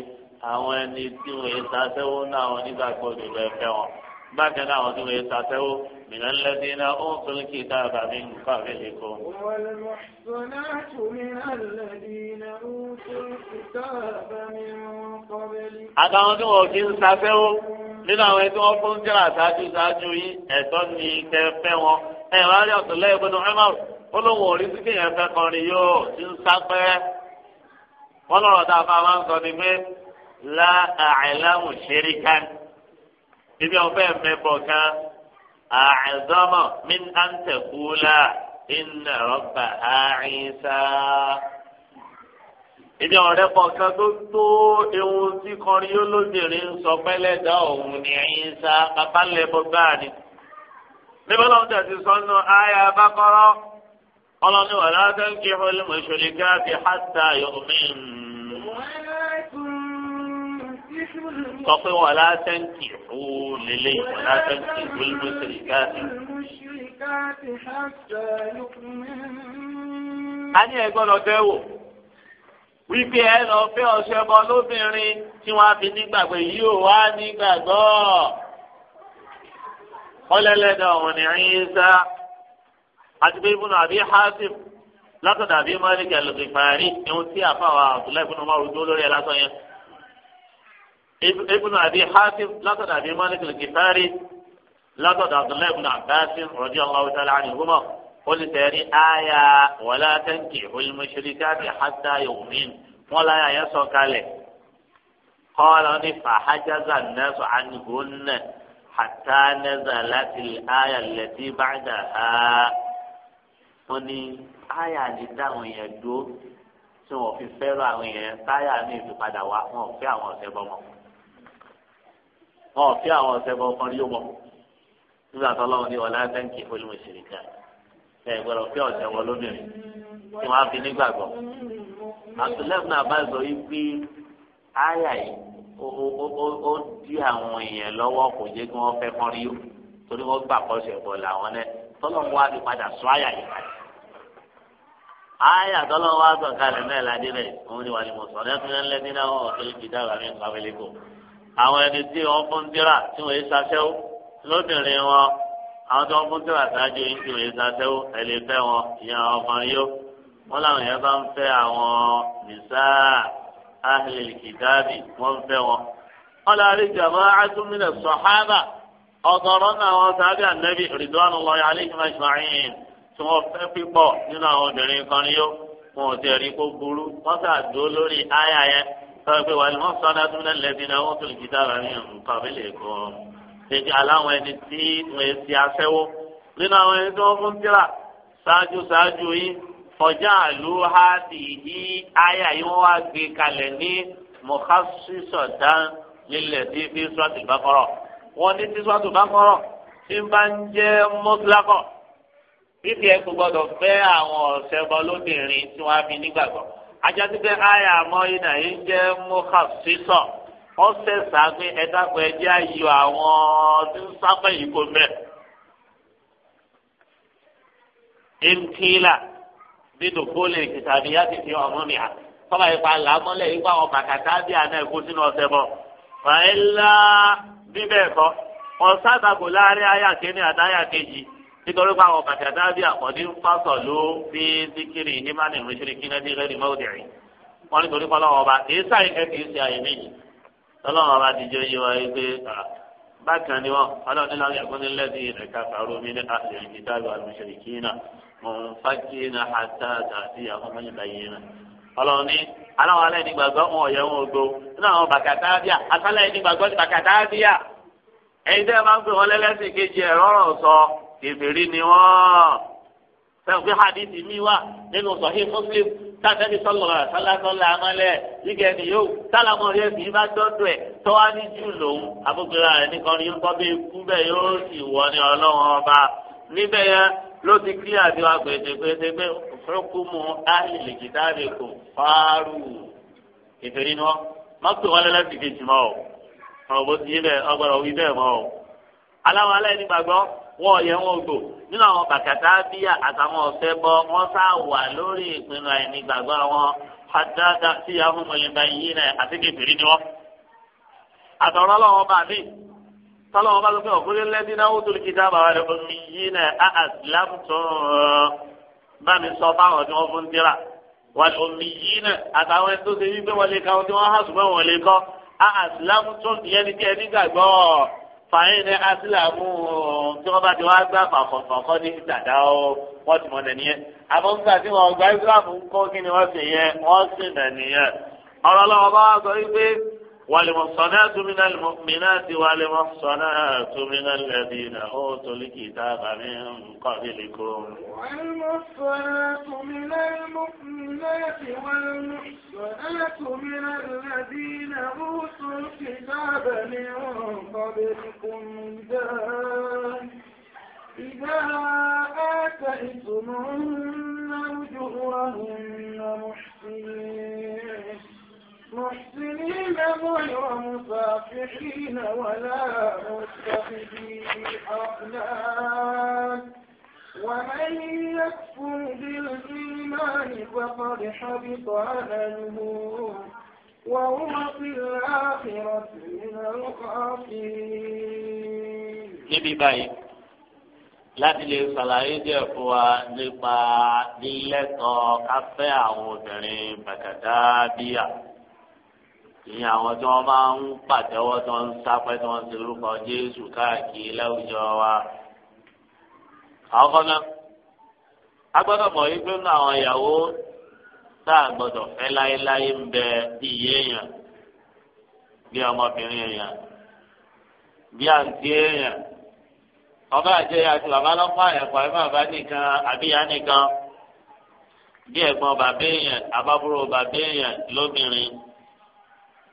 àwọn ẹni tí wọ́n yẹ sàṣẹ́wó náà àwọn onígbàgbọ́ òdòdó ẹ̀fẹ́ wọn bákan náà àwọn tí wọ́n yẹ sàṣẹ́wó من الذين أوتوا الكتاب من قبلكم والمحصنات من الذين أوتوا الكتاب من قبلكم àtàwọn tí wọn kì í ṣàfẹ́wó nínú àwọn tí wọn fún jẹ́rà ṣáájú ṣáájú yìí ẹ̀tọ́ ni kẹfẹ́ wọn ẹ wá rí ọ̀tọ̀lẹ́ ìbùdó ẹ̀mọ́rù ó lóun ò rí sí kéèyàn fẹ́ kọrin yóò ti ń sápẹ́ wọn lọ́rọ̀ tá a fa máa ń sọ ni pé la àìláwò ṣeríkan ibi ọ̀fẹ́ mẹ́bọ̀ kan àìzọ́mọ̀ min àǹtẹ̀kúlà iná rọ́bà àìsà. ibi ọ̀rẹ́ pọ̀ kan tó tó ewu tí kọrin yóò lóbìnrin ń sọ pẹ́lẹ́ dá òun ní àìsà bàbá lẹ́bọ̀ gbáà ni. níbo lóun tẹ̀sí sọ́nù àyà bákọ́rọ́ ọlọ́ni wàlá tẹ́ńkì ọlọ́mọṣọ́lẹ́gá fi hàtà yọ̀ọ́mìn sọ pé wọn látẹ̀ǹtì ó lélẹ̀ wọn látẹ̀ǹtì gbólógbó sèré káàdì. a ní ẹ gbọ́dọ̀ dẹ́wò wípé ẹ lọ fẹ́ ọ̀ṣẹ́ bọ lóbìnrin tí wọ́n á fi nígbàgbọ́ yìí ò wá nígbàgbọ́ ọlẹ́lẹ́dọ̀ ọ̀hún ní ẹ̀yẹ́sà àti pé ibùdó àbí hasim látọ̀dọ̀ àbí mọ́lẹ́kẹ̀ lọ́sẹ̀ fàárí ẹ̀hún tí àfàwà àbúlẹ̀ ìbùdó máa rúdó ẹ̀ látọ̀ yẹn ibùnà àbí hafiz látọ̀dọ̀ àbí malik al-kifari látọ̀dọ̀ abdullahi ibùnà abbas radiyallahu ta'ala anhuma olè tẹ̀rí àyà wàlá tẹ̀ǹkì olùmọ̀ṣẹ́lẹ́kàtì hatta yu'min wọn láyà yẹn sọ kalẹ̀ kọ́lá ní fàhájáza nẹ́sọ̀ ànúgọ́nà hatta nazalat al-aya allati ba'daha wọn ní àyà ní dáhùn yẹn dúró tí wọn fi fẹ́ràn àwọn yẹn táyà ní ìfipadà wá wọn ò fẹ́ àwọn ọ̀sẹ̀ bọ́ wọn wọn ò fi àwọn ọ̀sẹ̀ bọ̀ kan rí ó mọ̀ nígbà tó lọ́wọ́ ní ọ̀la bẹ́ńkì olùmọ̀ṣẹ̀ríkà bẹ́ẹ̀ gbọ́dọ̀ fi ọ̀sẹ̀ wọ lóbìnrin tí wọ́n á fi nígbàgbọ́. àtúlẹ́fù náà bá sọ wípé áyà yìí ó dí àwọn èèyàn lọ́wọ́ kò jẹ́ kí wọ́n fẹ́ kan rí ó torí wọ́n gbà kọ́sẹ̀ bọ̀ làwọn náà tọ́lọ́mù wa fi padà sọ áyà yìí padà aya tọlọ wa sọ náà àwọn ẹni tí wọ́n fún tíra tí wọ́n yé sasẹ́wó lóbìnrin wọn àwọn tó ń fún tíra sáájú yín tí wọ́n yé sasẹ́wó ẹ lè wọn ìyẹn àwọn yó wọn làwọn yẹn bá ń fẹ́ àwọn nìsáà ahlil kìtàbì ń fẹ́ wọn. wọ́n lọ rí jàmbá àtúmílẹ̀ sọ̀hábà ọ̀gọ̀rọ̀ náà wọn sábẹ́ ànábì rìdwánù lọ́yà alayhim ajma'in tí wọ́n fẹ́ pípọ̀ nínú àwọn obìnrin kan yó wọn ò tẹ̀ kó burú wọ́n sàdó lórí áyà yẹn sọ pé wàlú wọn sọ adá dúró lẹbi náà wọn tó lè jìdá rà ní nǹkan mi lè kọ ṣèjì aláwọn ẹni tí wọn ti aṣẹ́wó nínú àwọn ẹni tí wọn fún tíra ṣáájú ṣáájú yìí fọjá àlù hádì yìí àyà yìí wọn wá gbé kalẹ̀ ní mọkàṣíṣọdán lílẹ tí fi sọtì bá kọrọ wọn ní tí sọtì bá kọrọ tí bá ń jẹ mọsílákọ fífi ẹkú gbọ́dọ̀ fẹ́ àwọn ọsẹ bọ lóbìnrin tí wọn á fi nígbàgbọ́ ajásí pé àyà àmọ́ iná yìí jẹ́ mọ́kàsísọ̀ wọ́n sẹ̀sà pé ẹ̀dàpọ̀ ẹ̀jẹ̀ ayò àwọn tí ń sáfẹ́ yìí kò mẹ́. ìmkìlà nínú kólé kìtàbí yàtì fi ọmọ mi à tọ́ba ìpa làámọ́lẹ̀ ìpa àwọn bàkàtà bí àná ẹ̀kú sínú ọ̀sẹ̀ bọ̀. wàhálà bíbẹ̀ kọ́ ọ̀sán àtàkùn láàrin àyà kínní àtàyà kejì nítorí pé àwọn bàtàdá bí àkọ́dé ń fásọ̀ ló fi síkírì ìmáàmì ìrìnsìrì kí náà bí rẹ́rì mọ́ọ̀dìrì nítorí pé ọlọ́wọ́ ọba kì í sáyé kẹ́kì í ṣe àyè méjì ọlọ́wọ́ ọba ti jẹ́ yí wa yí bákan ni wọ́n ọlọ́wọ́ nílò ẹ̀kọ́ nílẹ̀ sí ẹ̀ka fàrú mi ní àṣẹ kí fákì àtà àti kèfèrí ni wọ́n sẹ́wọ́n fi hadithi mi wá nínú sahih muslim sátẹ́ni sọlọ́ra sálásọ́lá amálẹ̀ yíkẹ́ ni yóò sálámọ̀ rẹ̀ kì í bá dọ́dọ̀ ẹ̀ tọ́wá ní jù lòun abúgbéra rẹ̀ nìkan ni nǹkan bí ikú bẹ́ẹ̀ yóò sì wọ ní ọlọ́run ọba níbẹ̀ yẹn ló ti kí àdéhùn agbègbè pé hukumu ahli kitabi kò fáárù kèfèrí ni wọ́n má pè wọ́n lẹ́lẹ́ ti kejì mọ́ ọ ọ̀bọ̀ ti yí bẹ́ẹ̀ ọgbọ̀rọ̀ wí bẹ́ẹ̀ mọ́ ọ aláwọ̀ alẹ́ nígbàgbọ́ wọn ọ̀yẹ́ wọn gbò nínú àwọn bàkàtà bíyà àtàwọn ọ̀fẹ́ bọ́ wọ́n sá wà lórí ìpinnu àìní gbàgbọ́ àwọn àdáadáa tí yahoo mọ̀lẹ́bà yìí náà àti kékeré ni wọ́n. àtọ̀rọ̀ lọ́wọ́ bá mi tọ́lọ́wọ́ bá lókè ọ̀kúnlé lẹ́dí náà ó tó kí dábàá wà lóko mi yìí náà á àsìlámù tó bá mi sọ báwọn tí wọ́n fún tíra wà lóko mi yìí náà àtàwọn ẹni tó ṣe wípé wọ́n há fàáyìn ní asilamu tí wọn bá ti wá gbà fàkọfàkọ ní dàda ọ wọn ti mọ nàníyẹn àmọ́ nígbà tí wọn gba islam ń kó kí ni wọn sì yẹn wọn sì nàníyẹn ọ̀rọ̀ lọ́wọ́ bá wà sọ wípé. والمحصنات من المؤمنات والمحصنات من الذين أوتوا الكتاب من قبلكم والمحصنات من المؤمنات والمحصنات من الذين أوتوا الكتاب من قبلكم إذا آتيتمهن أجورهن محسنين محسنين غير مسافحين ولا متخذي أقلام ومن يكفر بالإيمان فقد حبط عمله وهو في الآخرة من الخاسرين. láti lè ṣàlàyé díẹ̀ fún wa nípa lílẹ́tọ̀ọ́ káfẹ́ àwọn obìnrin bàtàdá bíyà ìyẹn àwọn tí wọ́n máa ń pàtẹ́wọ́ tí wọ́n ń sápẹ́ tí wọ́n ń ṣe orúkọ Jésù káàkiri láwùjọ wa. àwọn kan náà a gbọ́dọ̀ mọ̀ wípé nínú àwọn ìyàwó tá a gbọ́dọ̀ fẹ́ láéláé ń bẹ bí iye èèyàn bí ọmọbìnrin èèyàn bí àǹtí èèyàn ọba àti àti bàbá lọ́pọ̀ àyẹ̀kọ́ ẹ̀ bàbá nìkan àbíyá nìkan bí ẹ̀gbọ́n bàbá èèyàn àbábúrò bàbá èèyàn lóbìnrin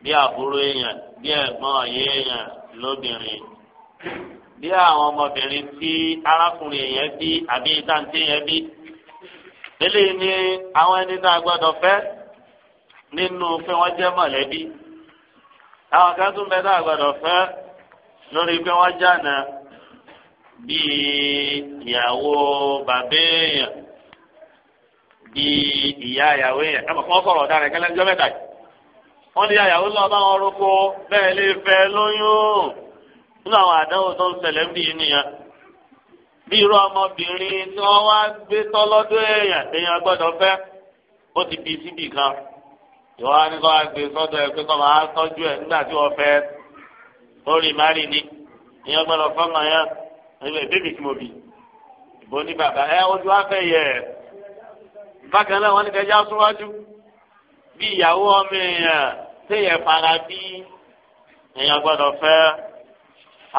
bí àbúrò èèyàn bí ẹ̀gbọ́n ọ̀yẹ́ èèyàn lóbìnrin bí àwọn ọmọbìnrin tí arákùnrin èèyàn bí àbí ìtàǹtì èèyàn bí eléyìí ni àwọn ẹni náà gbọ́dọ̀ fẹ́ nínú pé wọ́n jẹ́ mọ̀lẹ́bí àwọn kan tún bẹ náà gbọ́dọ̀ fẹ́ lórí pé wọ́n jànà bíi ìyàwó bàbá èèyàn bíi ìyá ìyàwó èèyàn ẹ mọ̀ kí wọ́n sọ̀rọ̀ ọ̀daràn kẹlẹ́ ń jọ́ mẹ́ta yìí. wọ́n ní àyàwó lọ bá wọn rúkọ bẹ́ẹ̀ lè fẹ́ lóyún nínú àwọn àdánwò tó ń ṣẹlẹ̀ bí yìí nìyẹn bí irú ọmọbìnrin tí wọ́n wá gbé èèyàn èèyàn gbọ́dọ̀ fẹ́ ó ti bí síbì kan ní kọ́ wá gbé sọ́dọ̀ ẹ̀ pé máa tọ́jú nígbà tí wọ́n fẹ́ lórí márì ni gbọ́dọ̀ yẹn mo bì ìbò ní bí ìyàwó ọmọ èèyàn téèyàn fara bí èèyàn gbọ́dọ̀ fẹ́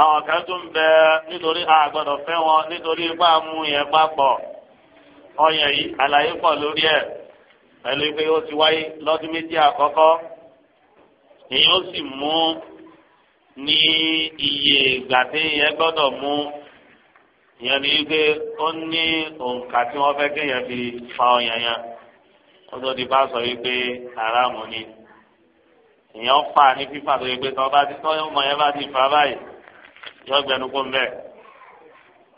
àwọn kan tó ń bẹ nítorí a gbọ́dọ̀ fẹ́ wọn nítorí ipá mú yẹn papọ̀ ọyàn yìí àlàyé pọ̀ lórí ẹ̀ pẹ̀lú pé ó ti wáyé lọ́dún méjì àkọ́kọ́ èèyàn ó sì mú ní iye ìgbà téèyàn gbọ́dọ̀ mú ìyẹn ni wípé ó ní òǹkà tí wọ́n fẹ́ kéèyàn fi fa ọyàn yẹn tó di bá sọ wípé haramu ni èèyàn fà ní fífà tó yẹ pé tọ́ bá ti tọ́ ọmọ yẹn bá ti fà báyìí yọ gbẹnu kó mbẹ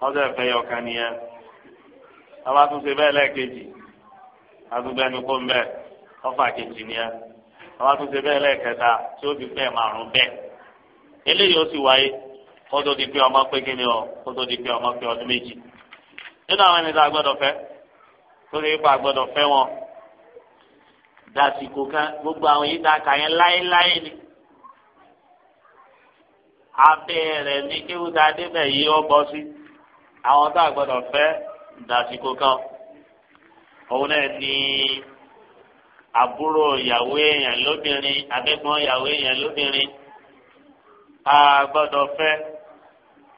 ọsẹ fẹ yọ kan nìyẹn ọba tún ṣe bẹ́ẹ̀ lẹ́ẹ̀kejì adúgbẹnu kó mbẹ ọfà kejì nìyẹn ọba tún ṣe bẹ́ẹ̀ lẹ́ẹ̀kẹta tí ó fi pẹ́ márùn bẹ́ẹ̀ eléyìí ó sì wáyé kó tó di pé ọmọ pé kí ni ọ di pé ọmọ pé ọdún méjì nínú àwọn ẹni tá a gbọ́dọ̀ fẹ́ tó lè pa a gbọ́dọ̀ wọn dasìkò kan gbogbo àwọn yìí dáka yẹn láéláé ni abẹ́ rẹ̀ ní kéwù tá a débẹ̀ yìí ó bọ́ sí àwọn tá a gbọ́dọ̀ fẹ́ dasìkò kan òun náà ní àbúrò ìyàwó èèyàn lóbìnrin abẹ́gbọ́n ìyàwó èèyàn lóbìnrin a gbọ́dọ̀ fẹ́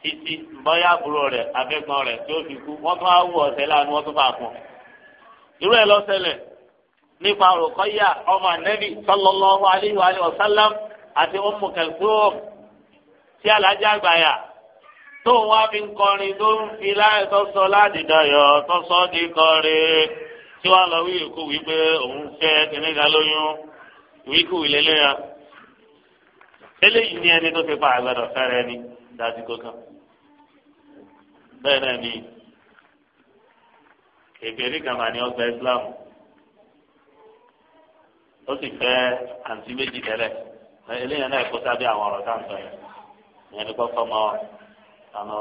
títí bọ́yá àbúrò rẹ̀ abẹ́gbọ́n rẹ̀ tí ó fi kú wọ́n tún á wù ọ̀sẹ̀ láàánú wọ́n tún bá a pọ̀ irú ẹ̀ lọ́sẹ̀lẹ̀ nípa Ruqayya ọmọ ànábì sallallahu alayhi wa sallam àti Ummu Kalthum tí alájà gbàyà tó ń wá fi ń kọrin tó ń fi láì tó sọ ládìdayọ̀ tó sọ di kọrin tí wọ́n lọ wí ìkú wípé òun fẹ́ kìnnìkà lóyún ìwíkú ìlélẹ́yà eléyìí ní ẹni tó fi pa àgbàdo fẹrẹ ni dásìkò kan bẹ́ẹ̀ náà ni èbèrè kan máa ọgbà islam ó sì fẹ́ àǹtí méjì tẹ́lẹ̀ eléyàn náà kó sábẹ́ àwọn ọ̀rọ̀ káńtọ̀ yẹn ìyẹn ni kọ́kọ́ mọ àmọ́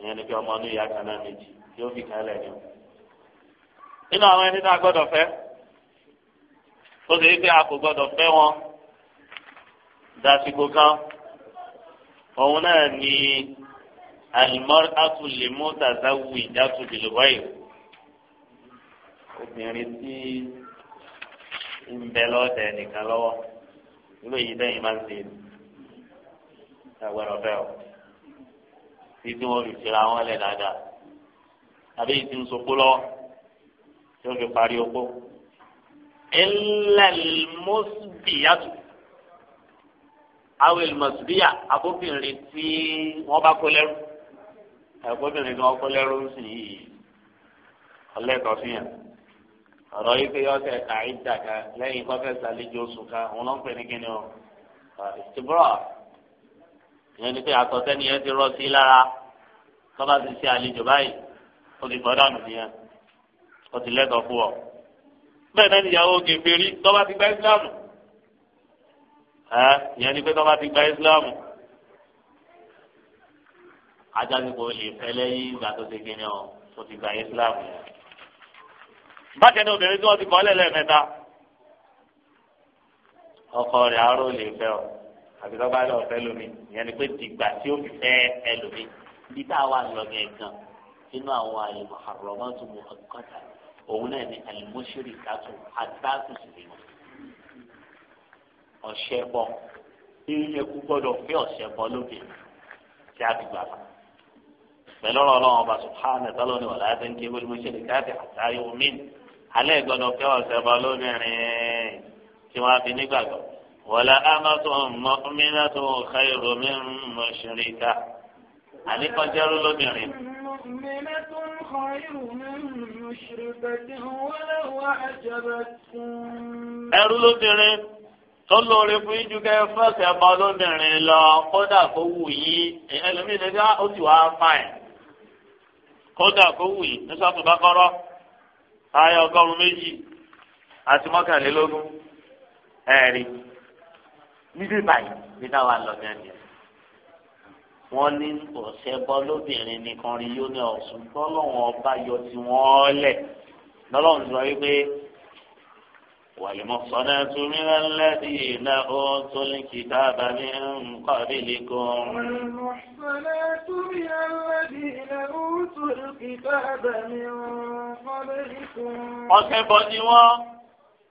ìyẹn ni kí ọmọ ní ìyá kan náà méjì tí ó fi kan ni o. nínú àwọn ẹni náà gbọ́dọ̀ fẹ́ ó sì pé a kò gbọ́dọ̀ fẹ́ wọn dasìkò kan òun náà ni alimọ́ràtú lè mú tàzáwù ìjátù bìlúwáyì obìnrin tí ń bẹ lọ́dẹ nìkan lọ́wọ́ irú èyí lẹ́yìn máa ń ṣe ìgbàgbọ́dọ̀ bẹ́ẹ̀ o tí tí wọ́n fi fira wọn lẹ̀ dáadáa àbí ìtì ń sopó lọ́wọ́ tí wọ́n fi parí opó. ilẹ̀ mọ́sibíyàtù àwọn ìmọ̀sibíyà abóbìnrin tí wọ́n bá kó lẹ́rú ẹ̀kọ́bìnrin tí wọ́n kó lẹ́rú sì yìí ọlẹ́kọ̀ọ́ fi hàn ọ̀rọ̀ yìí pé yọ̀ọ́sẹ̀ ká ìdá kan lẹ́yìn kọ́fẹ́ sàlejò oṣù kan òun ló ń pè ní kíni o ìtìbúrọ̀ ìyẹn ni pé àtọ̀tẹ́ni yẹn ti rọ́ sí lára tọ́ba ti ṣe àlejò báyìí ó ti gbọ́dọ̀ nù nìyẹn ó ti lẹ́tọ̀ọ́ fún ọ. bẹ́ẹ̀ náà nìyàwó kẹfẹ́ rí tọ́ba ti gba ìsìláàmù ìyẹn ni pé tọ́ba ti gba ìsìláàmù ajá ti kò lè fẹ́ lẹ́yìn ìgbà tó ti kíni o tó ti gba ìsìláàmù yẹn bákẹ́ ní obìnrin tí wọ́n ti kọ́ lẹ́lẹ́ mẹ́ta ọkọ rẹ̀ aró lè fẹ́ ọ àti tọ́ba lọ fẹ́ lómi ìyẹn ni pé dìgbà tí ó fi fẹ́ ẹ lómi bí tá a wà lọ yẹn gan nínú àwọn àyè muharramatu muhakkata òun náà ni al-mushrikatu àtàkù sílẹ̀ ọ̀sẹ̀ bọ̀ ilé kú gbọ́dọ̀ fẹ́ ọ̀sẹ̀ bọ̀ lóde tí a ti gbà fà pẹ̀lú ọlọ́run ọba subhanahu wa ta'ala ni wàlá ẹ̀dẹ́ ń ké wọlé mọ́ṣẹ́lẹ̀ káàdì àtàyè alẹ́ gbọ́dọ̀ fẹ́ ọ̀sẹ̀ bá lóbìnrin tí wọ́n á fi nígbàgbọ́. wọ́lá amátò mọ́mínátò khairu min mushrika àníkọ́jẹ́rú lóbìnrin. ẹrú lóbìnrin tó lóore fún yíjú kẹ́ fọ́ọ̀sẹ̀ bá lóbìnrin lọ kódà kó wù yí ẹlòmíràn ah, ó sì wá fáìn kódà kó wù yí ní sọ́ọ̀tù bá kọ́rọ́ ayé ọgọ́rùn méjì àti mọ́kànlélógún ẹ̀rí níbí báyìí bí táwa lọ ní ẹni wọn ní ọ̀sẹ̀ bọ́ lóbìnrin nìkan rí yóò ní ọ̀sùn tọ́lọ́wọ́n ọba yọ tí wọ́n lẹ̀ lọ́lọ́run sọ wípé. والمحصنات من الذين أوتوا الكتاب من قبلكم والمحصنات من الذين أوتوا الكتاب من قبلكم ọ̀ṣẹ̀bọ̀ ni wọ́n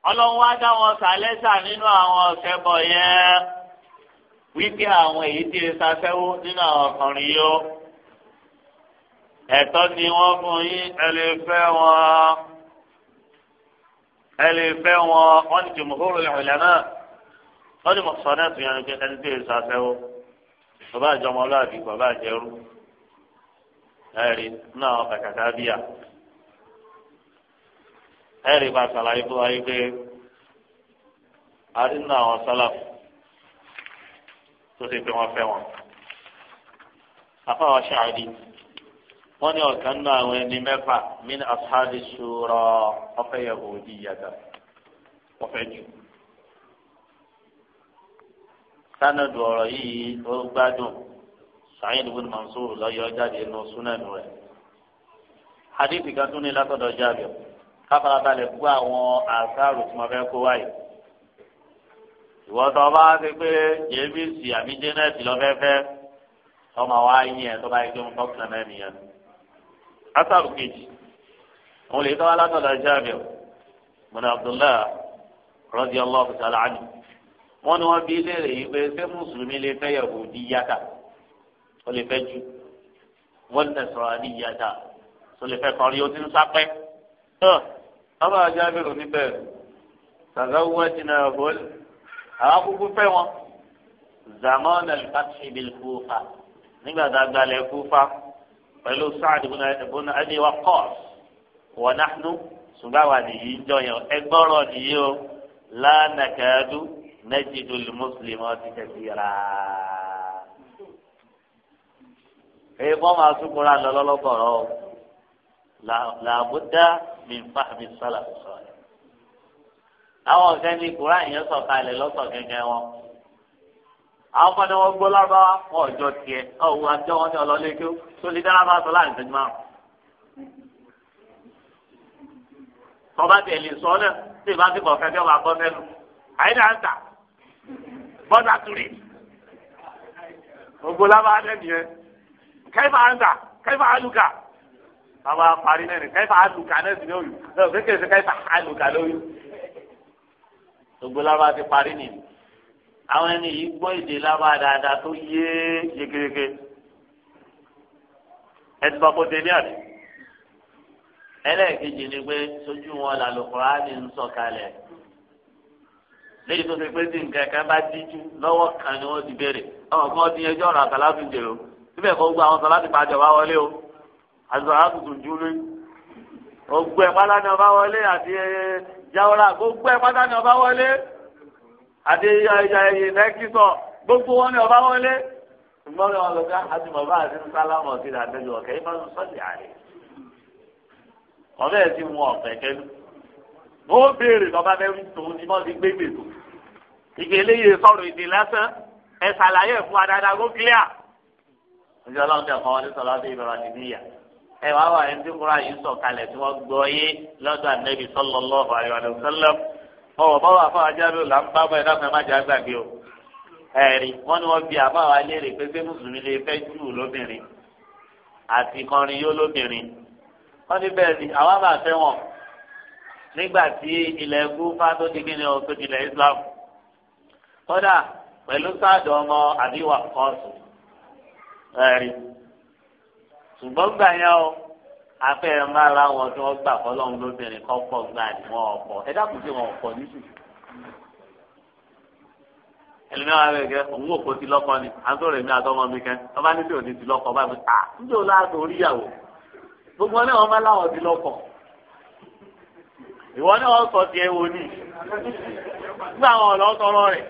ọlọ́run wá dá wọn sàlẹ́sà nínú àwọn ọ̀ṣẹ̀bọ̀ yẹn wípé àwọn èyí tí ẹ ṣàfẹ́wó nínú àwọn ọkùnrin yìí ó ẹ̀tọ́ ni wọ́n fún yín ẹ lè fẹ́ wọn ẹlẹ fẹ wọn wọn ni jùmùhúrù ìlànà wọn ni mọ̀sánà tó yẹn pé ẹni tó yẹ sàfẹ́wọ́ bàbá àjọmọ ọlọ́àbí bàbá àjẹrú ẹ̀rí náà kàkàtà bíyà ẹ̀rí bá sàlàyé fún wa yìí pé àdínà àwọn sálàfù tó ti pé wọn fẹ́ wọn afáwọn ṣáàdì wọ́n ní ọ̀kan náà àwọn ẹni mẹ́fà min ashabi shura ọ̀fẹ́ yahudi yàtọ̀ ọ̀fẹ́ jù. sanadu ọ̀rọ̀ yìí ó gbádùn sa'id bin mansur lọ́yọ̀ jáde nù sunan rẹ̀. hadithi kan tún ní látọ̀dọ̀ jábìọ̀ káfarabalẹ̀ gbọ́ àwọn àṣàrò tí wọ́n fẹ́ kó wáyé. ìwọ́sọ̀ bá ti pé jébìsì àbí jẹ́nẹ́sì lọ́fẹ́fẹ́ ọmọ wa yín ẹ̀ tó bá yẹ kí wọ́n tọ́kùnrin asaru kejì òun lè tọ́wọ́ látọ̀dọ̀ Jabir bin Abdullah radiyallahu ta'ala anhu wọ́n ní wọ́n bí léèrè yìí pé ṣé mùsùlùmí lè fẹ́ Yahudi yàtà ó lè fẹ́ jù wọ́n lè sọ̀rọ̀ àdí yàtà ó lè fẹ́ kọrin ó ti ń sápẹ́ tán ọba Jabir níbẹ̀ tazawwajna bọ́ọ̀lù àwọn kúkú fẹ́ wọn zamana al-fath bil nígbà tá a gbalẹ̀ Kufa pẹ̀lú Sa'd ibn Abi Waqqas wa nahnu ṣùgbọ́n nìyí ń jọ yẹn ẹgbọ́rọ̀ nìyí o la nakadu najidul muslimati kathira. èyí wọ́n máa súnkúra lọ lọ́lọ́kọ̀ọ́rọ́ o làbúdá min fahmi sálàfù sọ̀rọ̀. àwọn ọ̀gá ní kúrò àyẹ̀sọ̀ kalẹ̀ lọ́sọ̀ gẹ́gẹ́ wọn àwọn kan ní wọ́n gbọ́ lárúbáwá wọn ọjọ́ tiẹ̀ ọ̀hún àti ọ̀hún ní ọlọ́lé kí ó tó lè dára bá sọ láàrin ìṣẹ́jú márùn. tọ́ba tiẹ̀ lè sọ náà tí ìbá ti kọ̀ kẹ́kẹ́ wà gbọ́ mẹ́nu àyínà ń tà bọ́dà tùrì gbogbo lábáwá lẹ́nu yẹn kẹ́fà ń tà kẹ́fà á lùkà bàbá parí lẹ́nu kẹ́fà á lùkà náà sì lóyún kékeré kẹ́fà á lùkà lóyún gbogbo lábáwá ti parí nìyí àwọn ẹni yìí gbọ́ èdè lábá dáadáa tó yé yékéyéké ẹtù bá kó délé àdé ẹlẹ́ẹ̀kejì ni pé sójú wọn làlùkùrá ni ń sọ̀kalẹ̀ léyìí tó ṣe pé tí nǹkan kan bá díjú lọ́wọ́ kan ni wọ́n ti béèrè àwọn kan ti yẹjọ́ ọ̀rọ̀ àtàlà fi jèrò síbẹ̀ kó gbọ́ àwọn sọ̀lá ti bàjọ́ wá wọlé o àti sọ̀lá tuntun júlé ògbẹ́ pátá ni ọba wọlé àti eh, jáwọ́ra gbogbo ẹ̀ pátá ni ọba wọlé àti ìnẹ́kísọ̀ gbogbo wọn ni ọba wọlé ṣùgbọ́n ní ọlọ́gá àti bàbá àti sálámù ọ̀sìn àtẹ́jú ọ̀kẹ́ yìí máa ń sọ́ọ̀dì àárẹ̀ ọ̀bẹ́ ti mú ọ̀fẹ́ kẹ́lú ó béèrè lọ́ba bẹ́ẹ̀ tòun ni wọ́n ti gbé gbèsò ìgbéléyè sọ̀rọ̀ ìdè lásán ẹ̀ ṣàlàyé fún adáadáa kó kílíà ìjọ ọlọ́run tẹ̀ kọ́ wọn ní sọ̀rọ̀ àti ìbẹ̀rẹ̀ àti níyà ẹ wá wà ẹni tí kúrò àyè sọ̀kalẹ̀ tí wọ́n gbọ́ yé lọ́dọ̀ ànẹ́bí sallallahu alaihi wa ọwọ́ báwa fún ajálù là ń bá bọ́ ẹ dákun ẹ má jẹ́ àgbàgbé o ẹ̀rí wọ́n ní wọ́n bí àbáwa léèrè pé pé mùsùlùmí lè fẹ́ jù lóbìnrin àti kọrin yó lóbìnrin wọ́n ní bẹ́ẹ̀ ni àwa máa fẹ́ wọn nígbà tí ilẹ̀ gúfà tó di kíni o tó di ilẹ̀ Islam kódà pẹ̀lú sáàdù ọmọ àbíwá kọ́ọ̀sù ẹ̀rí ṣùgbọ́n gbà yẹn o afẹ́ máa ra wọn tí wọ́n gbà fọlọ́run lóbìnrin kọ́ pọ̀ gbà ní wọn ọ̀pọ̀ ẹ dákun sí wọn ọ̀pọ̀ nísù. ẹlòmíràn rẹ̀ gẹ́ òun òkò ti lọ́kọ ni àtúntò mi àtọmọ mi kẹ́ ọba ní tí ò ti lọ́kọ bá mi à níjẹ́ òun láàtò oríyàwó gbogbo wọn wọn máa láwọn ti lọ́kọ. ìwọ náà wọn sọ tiẹ̀ wò ní nígbà wọn ọ̀nà ọ̀tọ̀rọ̀ rẹ̀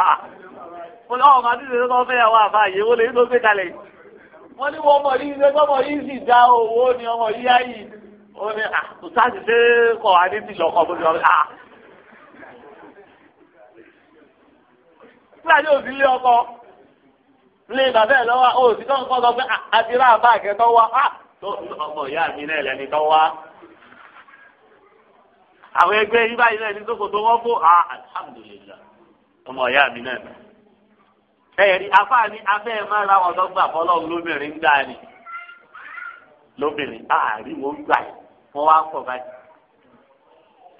ah ọmọ àti ìṣẹ̀lẹ̀ tó fẹ́ yà wọ àfáàyè wọlé ní tó gbé wọ́n ní wọ́n mọ̀ yìí ṣe gbọ́mọ̀ yìí sì dá owó ni ọmọ yìí á ó ní àtúntàṣì ah, ṣe kọ̀ adé ti lọ́kọ̀ bó ti wọ́n á. Fúlàní ò sí ilé ọkọ ilé bàbá ẹ̀ lọ́wọ́ ó sì tọ́kọ́ sọ pé àti ah, rà àkẹ́tọ́ wá ah. ọmọ ìyá mi náà lẹ́ni tọ́ wá. Àwọn ẹgbẹ́ yìí báyìí náà ní sókòtò wọ́n fò á ọmọ ìyá mi náà ẹ̀rí afáàní afẹ́ máa ra ọ̀dọ́gba fọlọ́run lóbìnrin ń gbà ni lóbìnrin ààrí wọn gbà wọn wá pọ̀ báyìí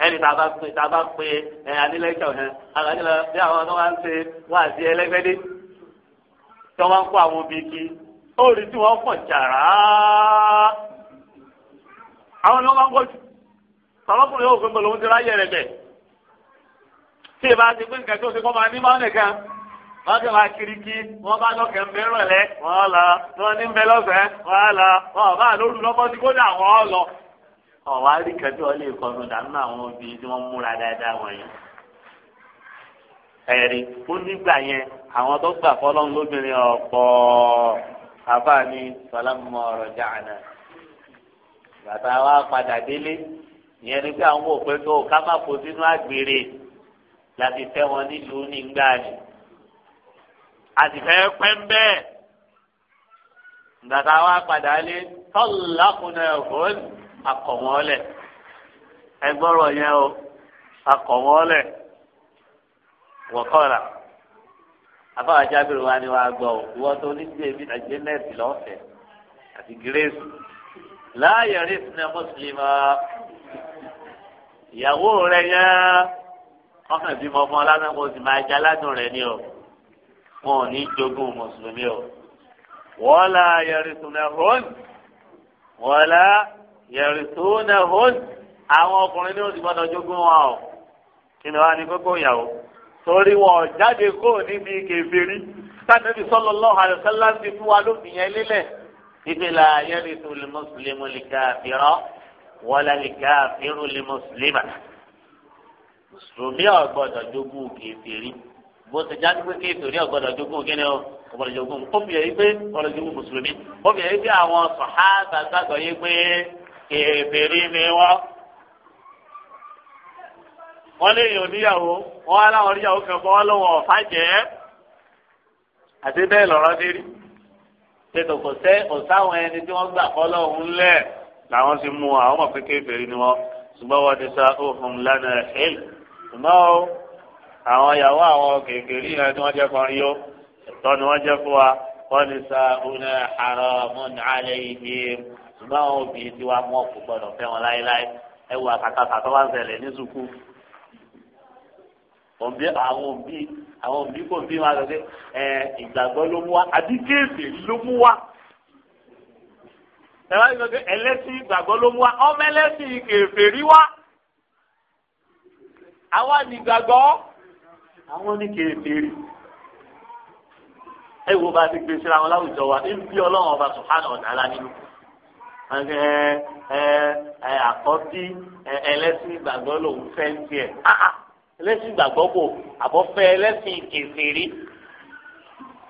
ẹni tá a bá pe tá a bá pe ẹ anílẹ́jọ yẹn alájọlọ bí àwọn tó wá ń ṣe wá sí ẹlẹ́gbẹ́dé tó wá ń kó àwọn obì kí ó rí tí wọ́n pọ̀ jàrá àwọn ni wọ́n máa ń gbọ́jú tọ́lọ́kùnrin yóò gbé ń bọ̀ lóhun ti ráyè rẹ̀ bẹ̀ tí ì bá ti pín nǹkan tó ṣe kọ́ máa ní máa nìkan wọ́n ti wá kiri kí wọ́n bá lọ́kẹ́ ń bẹ́rọ̀ lẹ́ wọ́n lọ wọ́n ní ń bẹ lọ́fẹ̀ẹ́ wọ́n lọ wọ́n bá lóru lọ́kọ́ tí kódà wọ́n lọ. ọ̀wá rí kẹ́tọ́ ọ lè kọnu dànù àwọn obìnrin tí wọ́n múra dáadáa wọ̀nyí. ẹ̀rí ó nígbà yẹn àwọn tó gbà fọlọ́n lóbìnrin ọ̀pọ̀ àfààní sọlámù ọ̀rọ̀ jáàna. bàtà wa padà délé ìyẹn ni pé àwọn òpin tó ká má fò sínú àgbèrè láti fẹ́ wọn nílùú nígbà yìí àtìfẹ́ pẹ́ńbẹ́ gbàtà wa padà lé tọ́lákùnà ẹ̀fọ́n akọ̀wọ́lẹ̀ ẹgbọ́rọ̀ yẹn o akọ̀wọ́lẹ̀ wọ̀kọ́ra afáwọn jábìrì wa ni wàá gbọ́ o ìwọ tó ní bi àjẹ́nẹ́ẹ̀tì lọ́fẹ̀ẹ́ àti gírèsì láàyè rí sinẹ mùsùlùmá ìyàwó rẹ yẹn ọkàn bímọ fún ọ lánàá kó máa jẹ aládùn rẹ ni o. wọn ò ní jogún mùsùlùmí o wala yarithunnahun wala yarithunnahun àwọn ọkùnrin ní oṣù gbọ́dọ̀ jogún wọn o kí ni wàá ní kókó ìyàwó torí wọn jáde kó níbi kèfèrí sanabi sallallahu alaihi wasallam ti fún wa lófin yẹn lélẹ̀ ibi la yarithul muslimu likafira wala likafiru limuslima mùsùlùmí ò gbọ́dọ̀ jogún kèfèrí bó ti já pé kí ìtòrí ọ̀gbọ́dọ̀ jogún kíni o ọ̀gbọ́dọ̀ jogún obìnrin yìí pé ọ̀gbọ́dọ̀ jogún mùsùlùmí obìnrin yìí pé àwọn sàhábà gbàgbọ́ yìí pé kèfèrí ni wọ́n. wọ́n lè yàn níyàwó wọ́n á láwọn níyàwó kan bọ́ wọ́n lọ́wọ́ ọ̀fà jẹ́ àti bẹ́ẹ̀ lọ́rọ́ dé rí. tètò kò sẹ́ òsáwọn ẹni tí wọ́n gbà kọ́ lọ́hùn lẹ̀ làwọn ti mú àwọn mọ̀ pé kèfèrí ni wọ́n ṣùgbọ́n wọ́n ti sá òhun lánàá àwọn ìyàwó àwọn kékeré yẹn tí wọ́n jẹ́ kan yó ẹ̀tọ́ ni wọ́n jẹ́ fún wa wọ́n lè sa ọ̀nà haramun alayhim ṣùgbọ́n àwọn obìnrin tí wàá mú ọ̀pọ̀ gbọ́dọ̀ fẹ́ wọn láéláé ẹ wù àkàkàkà tó wá ń ṣẹlẹ̀ ní sùkú. òbí àwọn òbí àwọn òbí kò bí wọn àgbẹ̀ ẹ ìgbàgbọ́ ló mú wa àbí kéèsì ló mú wa. ẹ wá sọ pé ẹlẹ́sìn ìgbàgbọ́ ló mú wa ọmọ ẹlẹ́sìn kèfèrí wa. àwa nìgbàgbọ́ àwọn ní kèfèrí ẹ wo bá ti gbé síra wọn láwùjọ wa ń bí ọlọ́run ọba sùhánà ọ̀dàlá nínú ẹ ẹ ẹ àkọ́bí ẹlẹ́sìn ìgbàgbọ́ lòún fẹ́ ń tiẹ̀ ẹlẹ́sìn ìgbàgbọ́ kò àbọ̀fẹ́ ẹlẹ́sìn kèfèrí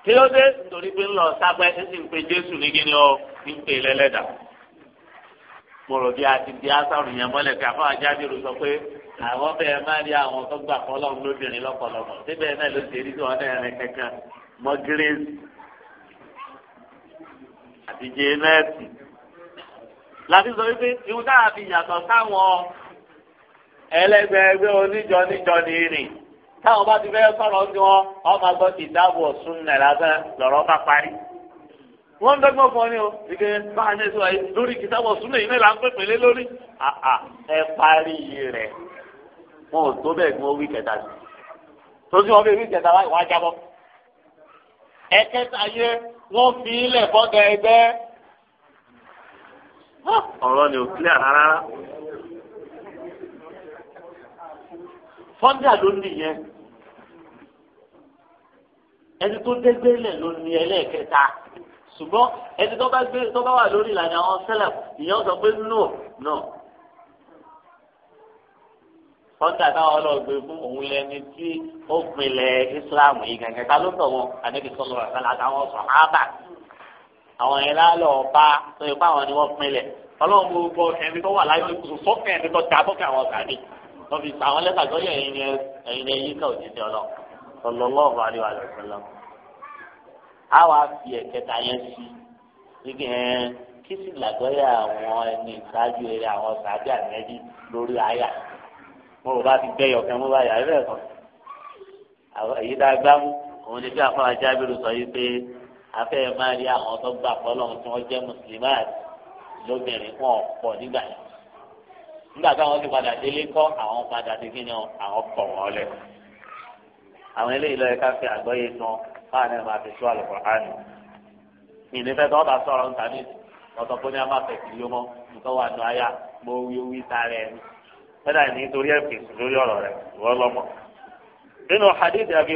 kí ló dé nítorí pé ńlọ sábẹ́ ń sì ń pe jésù ní gíní ọ ń pè lẹ́lẹ́dàá kpọ̀rọ̀ bí a ti di asáru yẹn mọ́lẹ̀ kí afọ́ ajá bí rusọ pé àwọn bẹ́ẹ̀ má rí àwọn tó gbà kọ́ lọ́wọ́ lóbìnrin lọ́pọ̀lọpọ̀ síbẹ̀ náà ló ti rí tí wọ́n náà rẹ kankan mọ́ gírèsì àti jẹ́nẹ́ẹ̀sì. láti sọ wípé irun táwa fi yàtọ̀ sáwọn ẹlẹgbẹẹgbẹ oníjọ níjọ ní rìn táwọn bá ti fẹ́ sọ̀rọ̀ sí wọn ọmọ àgbọ̀ ti dáàbò sún nẹ̀ lásán lọ́rọ́ wọ́n ń dọ́gbọ́n fún ọ ní o ike bá a ṣe sọ yìí lórí kìtàbọ̀ súnmọ́ yìí náà là ń pè pèlé lórí. ẹ parí rẹ̀ wọn ò tó bẹ́ẹ̀ gbọ́ wí kẹta sí torí wọn bẹ wí kẹta wá ìwà jábọ̀. ẹ kẹta yẹ wọn fi ilẹ̀ fọ́gà ẹgbẹ́. ọ̀rọ̀ ni ò clear rárá. fọ́ndà ló nìyẹn ẹni tó dẹ́gbẹ́lẹ̀ ló ní ẹlẹ́ẹ̀kẹta ṣùgbọ́n ẹni tó bá gbé tó bá wà lórí ìlànà àwọn sẹ́lẹ̀ ìyẹn sọ pé no no kọ́ńtà táwọn ọlọ́ọ̀gbẹ fún òun lẹni tí ó pinlẹ̀ Islam yìí gàngàn ká ló tọ̀ wọn àdébí sọlọ rẹ̀ sálà àtàwọn sọ̀hábà àwọn yẹn lálọ́ bá tó yẹ kó àwọn ni wọ́n pinlẹ̀ ọlọ́run gbogbo ẹni tó wà láyé kò sọ́kẹ́ ẹni tó ta bọ́kẹ́ àwọn sàdé wọ́n fi sàwọn lẹ́tà tó yẹ ẹ̀yin ẹ̀yin ẹ̀yin náà òjijì á wá fi ẹ̀kẹta yẹn sí ike ẹ̀ kí sì làgbọ́yà àwọn ẹni ìṣáájú eré àwọn ṣáájú àmẹ́bí lórí àyà mo rò bá ti gbẹ́yọ̀ kẹ́ mo bá yà ẹ́ bẹ́ẹ̀ kan èyí tá a gbá mú òun ni bí afárá jábìrì sọ yìí pé afẹ́ máa rí àwọn tó gbà fọlọ́run tí wọ́n jẹ́ mùsùlùmáàtì lóbìnrin wọn pọ̀ nígbà yẹn nígbà táwọn ti padà délé kọ́ àwọn padà dé kí ni àwọn pọ̀ wọ́n lẹ̀ àwọn eléyìí lọ́ọ́ ká fi àgbọ́yé tán káàní ẹ̀ máa fi tú àlùkò àánì ìnífẹ́ tó bá sọ̀rọ̀ ń tàbí ọ̀tọ̀ fún ní a máa nù mo wí wí sáré ẹni ní torí ẹ̀ fèsì lórí ọ̀rọ̀ wọ́n lọ́mọ. nínú hadith abi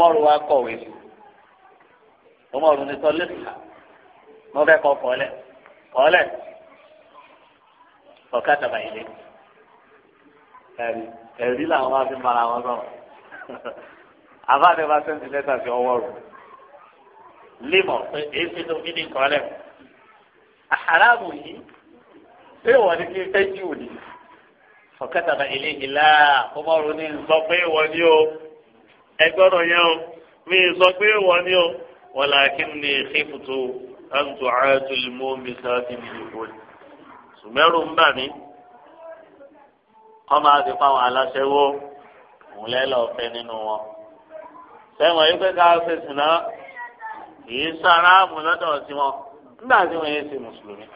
mi tún wọn ni ọmọ òrùn ní sọ lẹ́sà mo fẹ́ kọ́ kọ́lẹ̀ kọ́lẹ̀ ọ̀ká tàbá ilé ẹ̀rí ẹ̀rí làwọn bá fi mara wọn sọ̀rọ̀ àbáde bá sẹ́ńtì lẹ́tà sí ọwọ́ rò límọ̀ pé èsì tó fi ní kọ́lẹ̀ àhàràmù yìí ṣé wọ́n ní kí n fẹ́ jù ní ọ̀ká tàbá ilé yìí ọmọ òrùn ní sọ pé wọ́n ní o ẹgbọ́n yẹn o mi sọ pé wọ́n ní o walakinni khiftu an tu'atu al-mu'minati bil-iman sùmẹ́rù ń bà mí kọ́ máa ti fáwọn aláṣẹ wó òǹlẹ́ lọ fẹ́ nínú wọn. sẹ́wọ̀n yìí pé ká ṣe sìnà kìí sára àmúlọ́dọ̀ sí wọn nígbà tí wọ́n yé ṣe mùsùlùmí.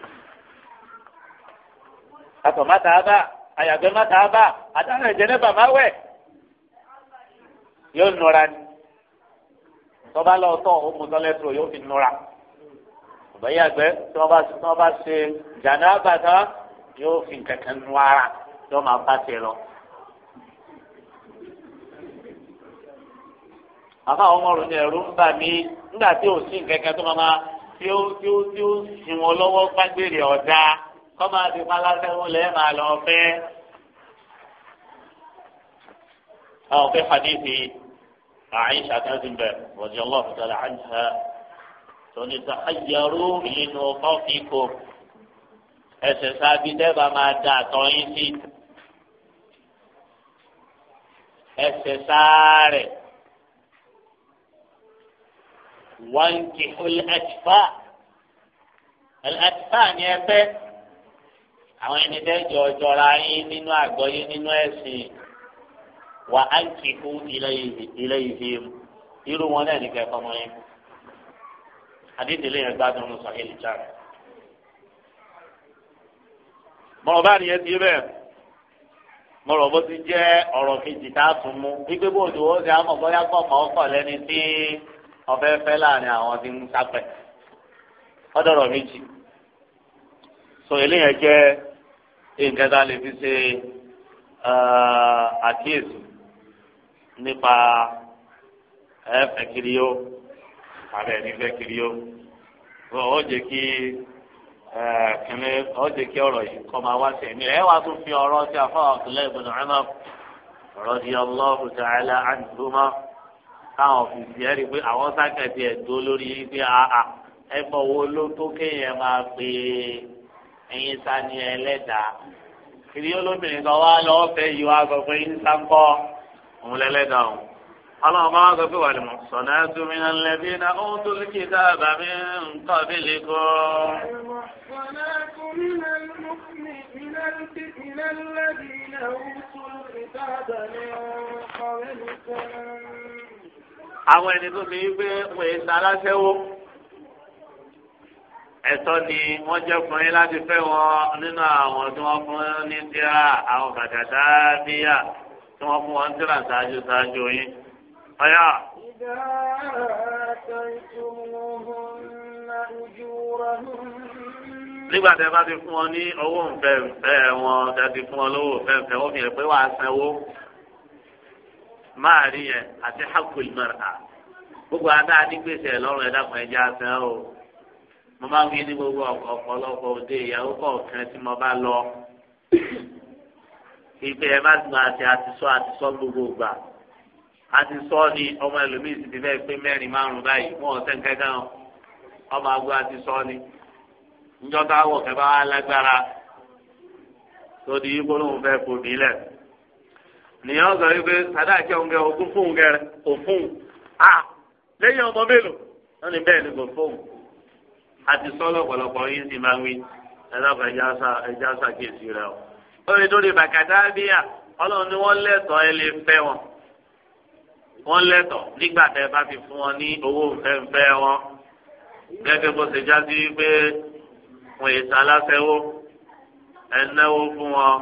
àtọ̀ má tàá bá àyàgbẹ́ má tàá bá àtàrà ìjẹ́nẹ́bà má wẹ̀ yóò nọra ni tọ́ba lọ tọ̀ ó mú tọ́lẹ́tò yóò fi nura ọ̀bẹ̀yà gbẹ tọ́ba tọ́ba ṣe jàǹdà bàtà yóò fi kankan nu ara yóò máa bá tiẹ̀ lọ. àmọ́ àwọn ọmọọ̀rùn ni ẹ̀rù ń bà mí nígbà tí ò sí kankan tó máa tí ó tí ó tí ó sìn wọn lọ́wọ́ gbàgbére ọ̀dà kọ́ máa ti pa lásẹ̀wọ̀n lẹ́ẹ̀ máa lọ fẹ́. àwọn òfin hadithi àyíṣà tẹ́sán bẹ̀ radiyallahu ta'ala anha tóní tàkàyàrú nínú fọ́ọ̀kìkò ẹsẹ̀ sábì dẹ́ba máa da àtọ̀ yín sí ẹsẹ̀ sáárẹ̀ wọ́n ti xulẹ̀ ẹ̀tìfà ẹ̀tìfà ni ẹ fẹ́ àwọn ẹni tẹ́ jọjọra yín nínú àgbọ́yé nínú ẹ̀sìn wà á ń kíkú ilé ìhè mu irú wọn náà nìkan ẹ̀kọ́ wọn yẹn àdídìlé yẹn gbádùn ní sọ̀hìn ìjà rẹ̀. mọ̀rọ̀ bá nìyẹn ti bẹ́ẹ̀ mọ̀rọ̀ bó ti jẹ́ ọ̀rọ̀ kejì tá a tún mú wípé bó ojú ó ti àmọ̀ bóyá pọ̀ mọ́ ọkọ̀ tí ọ̀fẹ́ fẹ́ láàrin àwọn tí ń sápẹ̀ ọ̀dọ̀rọ̀ méjì sọ eléyẹn jẹ́ nǹkan tá a lè fi ṣe uh, àkíyèsí. nípa ẹ̀fẹ̀ kiri yó àbẹ̀ nífẹ̀ kiri yó ó jẹ́ kí kìnnì ó jẹ́ kí ọ̀rọ̀ yìí kọ́ máa wá sí ẹ̀mí ẹ̀ wá tún fi ọ̀rọ̀ sí di ọ̀kìlẹ̀ ibn Umar radiyallahu ta'ala anhuma táwọn fìdí ẹ̀ rí i pé àwọn sákẹ̀tì ẹ̀ dó lórí yìí pé àà ló tó kéèyàn máa kiri olóbìnrin kan lọ́ọ́ fẹ́ yìí wá òun lẹ́lẹ́dà òun ọlọ́run bá wọn sọ pé wà lè mọ̀ sọ̀nà ẹ̀dùnmínà lẹ́bí iná ohun tó lè kí dáàbà mi ń tọ́ bí lè kọ́. sọ̀nà ẹ̀dùnmínà lẹ́bí tó kí dáàbà mi ń bí lè àwọn ẹni tó ní gbé wọn èyí sá aláṣẹ́wó ẹ̀tọ́ ni wọ́n jẹ́ ọkùnrin láti fẹ́ wọn nínú àwọn tí wọ́n fún ní tíra àwọn bàtàtà bíyà tí wọ́n fún wọn tíra ṣáájú ṣáájú yín. ọ̀yà. ìdá àtàntúmọ̀húnmá ojúrahùn. nígbà tí ẹ bá ti fún wọn ní owó nfẹ̀ǹfẹ̀ wọn dájú fún wọn lówó nfẹ̀ǹfẹ̀ wọn fìyẹn pé wàá sanwó máa rí yẹn àti hakul mara gbogbo adá nígbèsè lọ́rùn ẹ̀dá kan ẹ̀jẹ̀ àsán o mo máa ń wí ní gbogbo ọ̀pọ̀lọpọ̀ òde ìyàwó kọ̀ọ̀kan tí mo bá lọ ìgbé ẹ má gbọ́n àti àti sọ àti sọ gbogbo gbà àti sọ ni ọmọ ẹlòmíì sì ti fẹ́ pé mẹ́rin márùn báyìí wọn ò sẹ́ kankan ọmọ àgọ́ àti sọ ni njọ́ta wọ̀ kẹ́ bá wà lágbára tó di yíkó lóun fẹ́ kò nílẹ̀ nìyẹn sọ wípé sàdáàkì ọ̀hún kẹ ogún fóun kẹrẹ kò fóun à lẹ́yìn ọmọ mélòó wọn ni bẹ́ẹ̀ ni kò fóun àti sọ lọ́pọ̀lọpọ̀ yìí sì máa ń wí ẹ lọ́kọ̀ lórí lórí bàkàtàbíà ọlọ́run ni wọ́n lẹ́tọ̀ọ́ ẹ lè fẹ́ wọn wọ́n lẹ́tọ̀ọ́ nígbà tẹ́ ẹ bá fi fún wọn ní owó fẹ́ǹfẹ́ wọn gẹ́gẹ́ bó ṣe já sí pé wọn yìí sá aláṣẹ́wó ẹ náwó fún wọn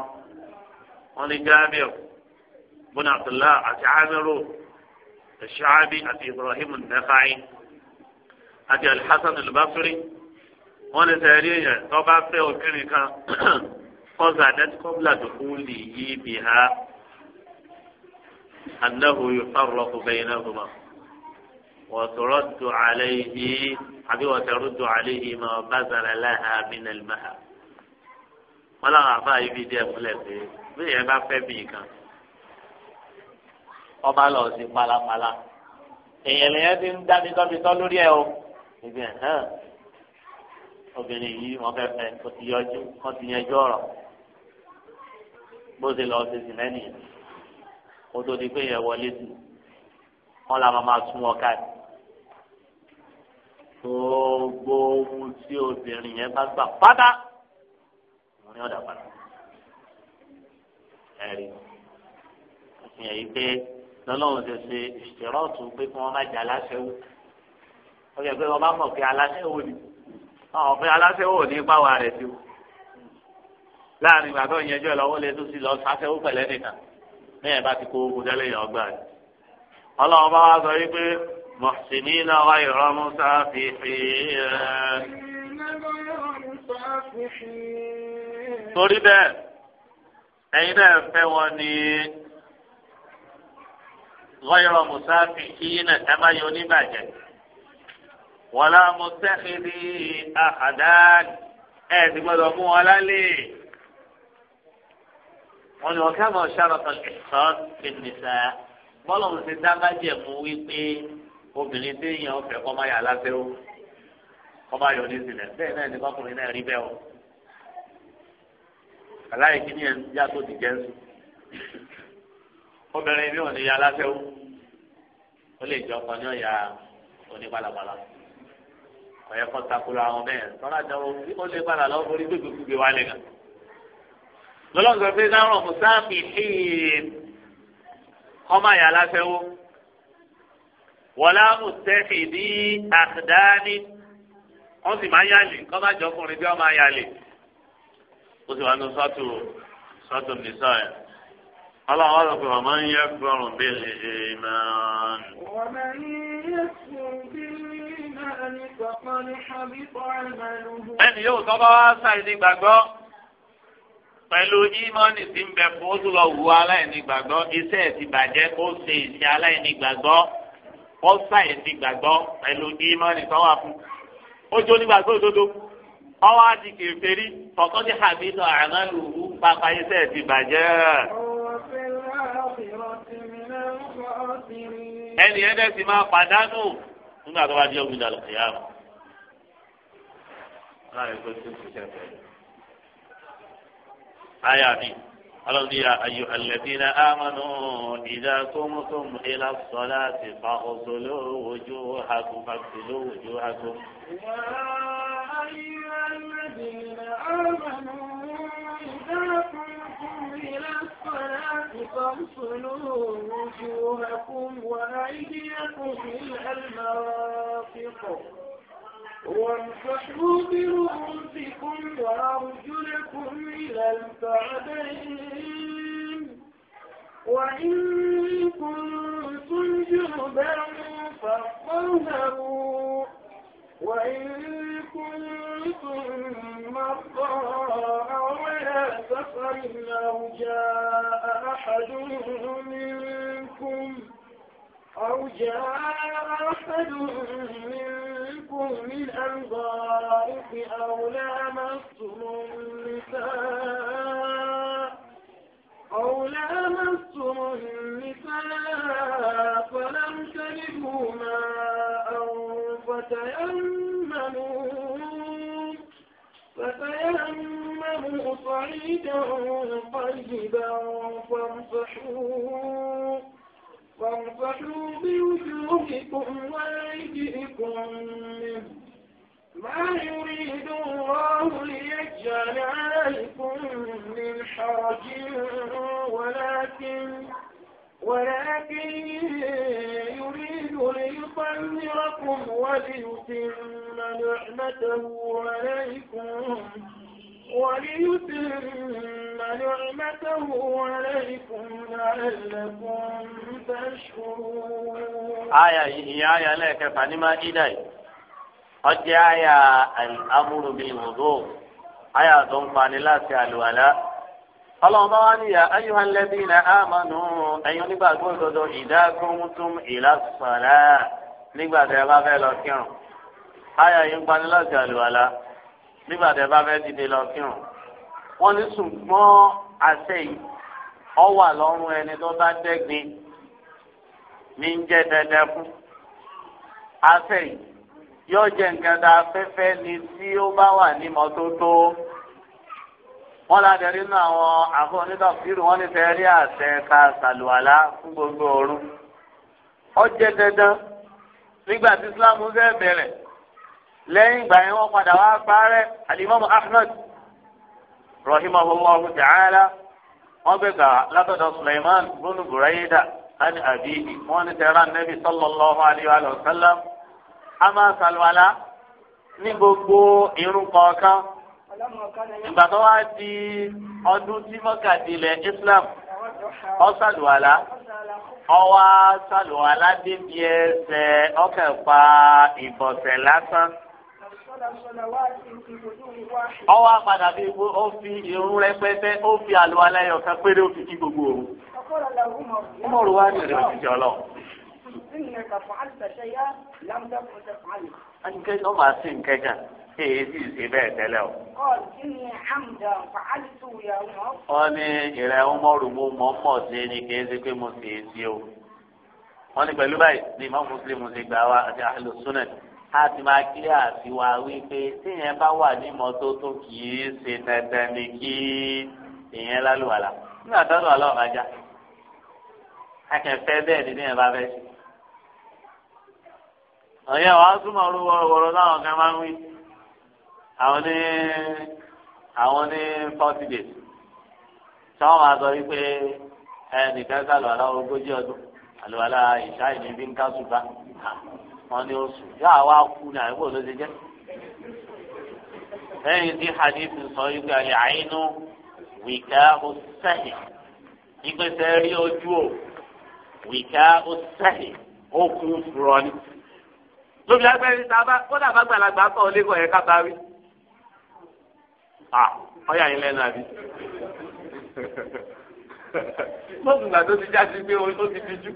wọn ní jábìr bùnà abdullah àti amiru ṣáàbì àti ibrahim nàkàí àti alhassan albasri wọn ní sẹ́yìn yẹn tó bá fẹ́ òkìrì kan kọ́ńtà àdájú kọ́bílà tó kú lè yí bi ha anáhu yóò kó bẹ́yìn náà kó ma wọ́n sọ̀rọ̀ tó alẹ́ yìí àbí wọ́n sọ̀rọ̀ tó alẹ́ yìí ma bá zara láha mínà lè máa làwọn àbá yìí fi díẹ̀ múlẹ̀ pé bí yẹn bá fẹ́ bì kan ọba lọ sí palapala èèyàn lèyẹn ti ń dá bitọ́bitọ́ lórí ẹ̀ o ìgbẹ́ hàn obìnrin yìí wọ́n fẹ́ fẹ́ kó ti yọjú kó ti yẹjú ọ̀rọ̀ bó ṣe lọ ṣe sì mẹ́nì kó tó di pé yẹn wọlé sí wọn là máa máa sún wọn káàkiri gbogbo ohun tí obìnrin yẹn bá gbà pátá wọn ni ọ̀dà padà ẹ̀rí òfin ẹ̀yí pé lọ́lọ́run ti ṣe ìṣèrọ́ọ̀tù pé kí wọ́n má jẹ́ aláṣẹ́wó ó yẹ pé wọ́n bá mọ̀ pé aláṣẹ́wó ni àwọn pé aláṣẹ́wó ò ní rẹ̀ sí o láàrin ìgbà tó ń yẹjọ́ lọ́wọ́ lè tó sì lọ sáfẹ́wó pẹ̀lẹ́ nìkan ní ẹ̀ bá ti kó ogun tẹ́lẹ̀ yẹn ọgbà rẹ̀. ọlọ́run bá wá sọ wípé mọ̀sìnì náà wá ìrọ̀ musa fi fi ẹ̀. torí bẹ́ẹ̀ ẹ̀yin náà fẹ́ wọn ni wáyọ̀rọ̀ musa fi kí náà ẹ má yọ oníbàjẹ́ wọ́n lá mo tẹ́kìlì àhàdá ẹ̀ ti gbọ́dọ̀ mú wọn lálẹ́ wọn ni wọn ká mọ ṣàròkàn ìsọ́n fìdíṣà bọ́lọ̀mù ti dábàjẹ́ mu wípé obìnrin téèyàn ọ̀fẹ́ kọ́ máa yà lábẹ́ o kọ́ máa yọ ní ìsìlẹ̀ bẹ́ẹ̀ náà ni kọ́kùnrin náà rí bẹ́ẹ̀ o aláìkí ni ẹ̀ ń já tó ti jẹ́ sùn obìnrin mi ò ní yà lábẹ́ o ó lè jọ ọkọ ní ọ̀yà oníbalabala ọ̀yẹ́kọ́ takura àwọn bẹ́ẹ̀ tọ́lá jọ ó lè balà lọ́wọ́ orí gbégbé gbégbé wálé gan lọ́lọ́sọ pé dáhùn mùsáàmì hìn ọmọ àyà aláfẹ́wó wọlá mùsẹ́fì ní àkàdáni wọ́n sì máa yálè kọ́ máa jọ ọkùnrin bí wọ́n máa yálè ó sì wà ní sọ́tù sọ́tù nìsọ́ ẹ̀ ọlọ́run wọ́n sọ pé wọ́n máa ń yẹ gbọ́rùn bí ìmọ̀ràn. wọ́n máa ń yẹ gbọ́rùn bí ìmọ̀ràn ẹni yóò tọ́ bá wá pẹ̀lú ìmọ̀ọ́nì tí ń bẹ fún ó tún lọ wù aláìní gbàgbọ́ iṣẹ́ ẹ̀ ti bàjẹ́ ó ṣe ìṣe aláìní gbàgbọ́ ó ṣàyẹ̀ ti gbàgbọ́ pẹ̀lú ìmọ̀ọ́nì tó wà fún. ó jó nígbà tó dodo ọwọ́ á di kèfèrí ọ̀kan tí àbídọ̀ àmàlù wù pápá iṣẹ́ ti bàjẹ́. ẹnì ẹ̀dẹ̀ sì máa pàdánù nígbà tó bá di ọ̀gbìn dàlùkìyà. آياتي رضي أيها الذين آمنوا إذا قمتم إلى الصلاة فاغسلوا وجوهكم فاغسلوا وجوهكم أيها الذين آمنوا إذا قمتم إلى الصلاة فاغسلوا وجوهكم وأيديكم إلى المرافق وانصحوا برؤوسكم وأرجلكم إلى الكعبين وإن كنتم جنبا فاطهروا وإن كنتم مرضى أو على سفر أو جاء أحد منكم أو جاء أحد منكم منكم من الغائف أو لامستم النساء أو لامستم النساء فلم تجدوا ماء فتيمموا فتيمموا صعيدا طيبا فامسحوا فانصحوا بوجوهكم وأيديكم منه ما يريد الله ليجعل عليكم من حرج ولكن ولكن يريد ليطهركم وليتم نعمته عليكم وليتم نعمته عليكم لعلكم تشكرون آية هي آية لك فنما إلي قد آية الأمر بالوضوء آية ضم لا الولاء اللهم أن يا أيها الذين آمنوا أيها نبقى إذا قمتم إلى الصلاة نبقى تبقى لكم آية ينبقى لا الولاء nígbà tẹ bá fẹ́ dìde lọ kírun wọ́n ní ṣùgbọ́n àṣẹ yìí ọ wà lọ́rùn ẹni tó bá dẹ́gbin ní ń jẹ́ dandan fún àṣẹ yìí yóò jẹ nǹkan tá a fẹ́fẹ́ ni tí ó bá wà ní mọ́tótó wọ́n láti rí nínú àwọn àfọ onítọ̀fíìrù wọ́n ní fẹ́ rí àṣẹ ká ṣàlùwàlá fún gbogbo òru ọ jẹ dandan nígbà tí Islam fẹ́ bẹ̀rẹ̀ lẹ́yìn ìgbà yẹn wọ́n padà wá parẹ́ alimami ahmed rahimahullahu ta'ala wọ́n gbé gbà látọ̀dọ̀ suleiman bunu burayda ani abiyi wọ́n ní tẹ̀ra nẹ́bi sallallahu alayhi wa sallam a máa salwala ní gbogbo irun kọ̀ọ̀kan ìgbà tó wá di ọdún tí mọ́kàdínlẹ̀ islam ó salwala ọwọ́ salwala débi ẹsẹ̀ ọkẹ́ pa ìbọ̀sẹ̀ lásán ọwọ́ apàdà bí ó fi irun rẹpẹtẹ ó fi àlùwà lẹ́yìn ọ̀kan péré ó fi kí gbogbo òru. ọmọ òru wa ní ìrìn òjijì ọlọ. ẹnikẹ́ ló máa sí nǹkan kan èyí sì ṣe bẹ́ẹ̀ tẹ́lẹ̀ o. wọ́n ní ìrẹ̀ ọmọrù mo mọ̀ mọ̀ sí ni kì í ṣe pé mo sì ń ṣe o. wọ́n ní pẹ̀lú báyìí ni mọ́ mùsùlùmí ti gbà wá àti àlùsùnẹ̀ a ti máa kílẹ̀ àti wá wípé tíyẹn bá wà ní mọ́tótó kì í ṣe dandan ni kí ìyẹn lálùwàlà nígbà tó lọ́wọ́ lọ́wọ́ máa já akẹ́fẹ́ bẹ́ẹ̀ ni tíyẹn bá fẹ́ ṣe. ọ̀yẹ́ wàá túmọ̀ ọdún wọ́rọ̀wọ́rọ̀ láwọn kan máa ń wí àwọn ní àwọn ní forty days tí wọ́n máa sọ wípé ẹnìkan sálọ̀ ogójì ọdún àlùwàlà ìṣáì bí ń ká sùn wọn ní oṣù yóò wá kú ní àyẹ̀wò ló ti jẹ́. lẹ́yìn tí hadith sọ wípé àyè àyínú wìkà ọ̀sẹ̀yìn ìgbésẹ̀ rí ojú o wìkà ọ̀sẹ̀yìn ó kú fúrọ́ ni. lóbi agbẹ́rin tá a bá kódà bá gbàlagbà kọ́ ọ lẹ́kọ̀ọ́ yẹn ká bá rí. ọyà yín lẹ́nu àbí [laughs] mọ́tò gbà tó ti já pé ó ti fi jú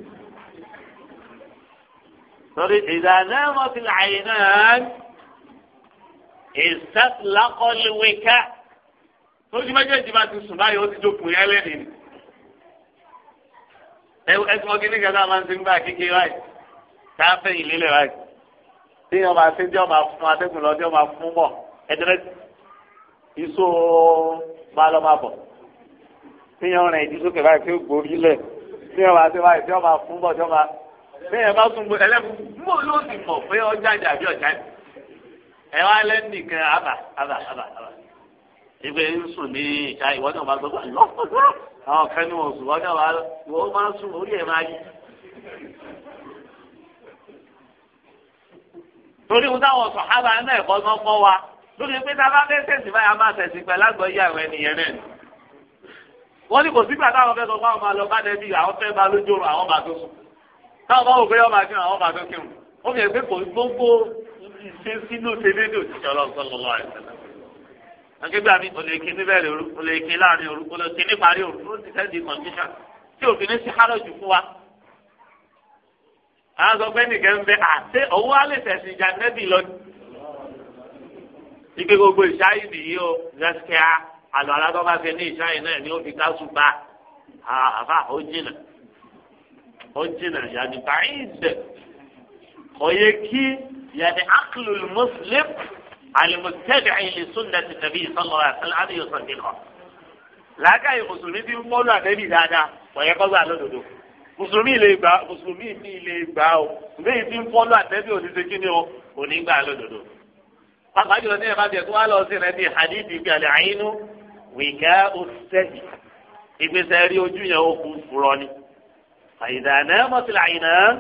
torí ìdáná mọ́tì láyé náà ìsàtìlákọ́léwéká tójú méjèèjì bá ti sùn báyìí ó ti dókun yẹn lẹ́nìí ni. ẹsùn ọkì ní kẹta máa ń ti ń gbà kékeré báyìí tá a fẹ́yìn lélẹ̀ báyìí. tí yọ̀ọ́ máa ṣe tí yọ̀ọ́ máa fún atẹ́gùn lọ tí yọ̀ọ́ máa fún bọ̀ ẹ̀dẹ́rẹ́ iṣó máa lọ máa bọ̀. tí yọ̀ọ́ rìn ìdí sókè báyìí tí gbórí lẹ̀ tí yọ̀ọ́ máa ṣe báyìí tí máa fún bọ̀ tí máa bẹ́ẹ̀ bá tún gbé ẹlẹ́kùn mbó ló ti mọ̀ pé ọjà jà bí ọjà yìí ẹ wá lẹ́nu kan àbà àbà àbà àbà ìgbé ń sùn ní ìta ìwọ náà máa gbọ́ àwọn kan ní wọn sùn wọn náà wà máa sùn orí ẹ̀ máa yí. torí wọn táwọn sọ̀hábà náà ẹ̀kọ́ náà kọ́ wa lórí pé tá a bá fẹ́ tẹ̀sí báyà máa tẹ̀sí pẹ̀ lágbọ̀ọ́yé àwọn ènìyàn náà wọ́n ní kò sígbà táwọn fẹ́ sọ fún máa lọ bá dẹ́bí àwọn fẹ́ bá lójú àwọn máa tó sùn táwọn bá wò pé ọmọ àti àwọn ọmọ àti wọn ó fi ẹgbẹ́ kò gbogbo ṣe sínú tẹ́lẹ́dẹ́ òṣìṣẹ́ ọlọ́sọ̀lọ́lọ́ àìsàn akébí àmì olèké níbẹ̀rẹ̀ òru olèké láàrin òru olèké níparí òru ó ti sẹ́ndì kọ̀ǹtíṣà tí òfin ní sihárọ̀ jù fún wa. àwọn sọ pé nìkan ń bẹ àti owó alẹ́ tẹ̀sí ìjà nẹ́bì lọ. ìgbé gbogbo ìṣáyìí nìyí o gaskiya àlọ́ alátọ́ fẹ́ ní ìṣáyìí náà ni ó fi ká ó jìnnà yàtì báyìí kò yẹ kí yàtì aklul muslim alimutẹ́bìrì lè súnà ti tẹ̀bí sọ́lọ́ àtàlẹ́ àdéhùn sọ̀dẹ́kọ̀. làákàyè mùsùlùmí ti ń mọ́lú àdébì dáadáa kò yẹ kọ́ gbà lódodo mùsùlùmí lè gbà mùsùlùmí mi lè gbà o mùsùlùmí ti ń fọ́lú àdébì òṣìṣẹ́ kíni o kò ní gbà lódodo. pàápàá jùlọ ní ẹ̀ka bẹ̀rẹ̀ tó wá lọ sí rẹ̀ ní hadithi bí alẹ́ àyínú wìkẹ́ òṣìṣẹ́ ìgbésẹ̀ rí ojú yẹn ó kú fúrọ́ ni àyìnàná mọ́tìlá àyìnàn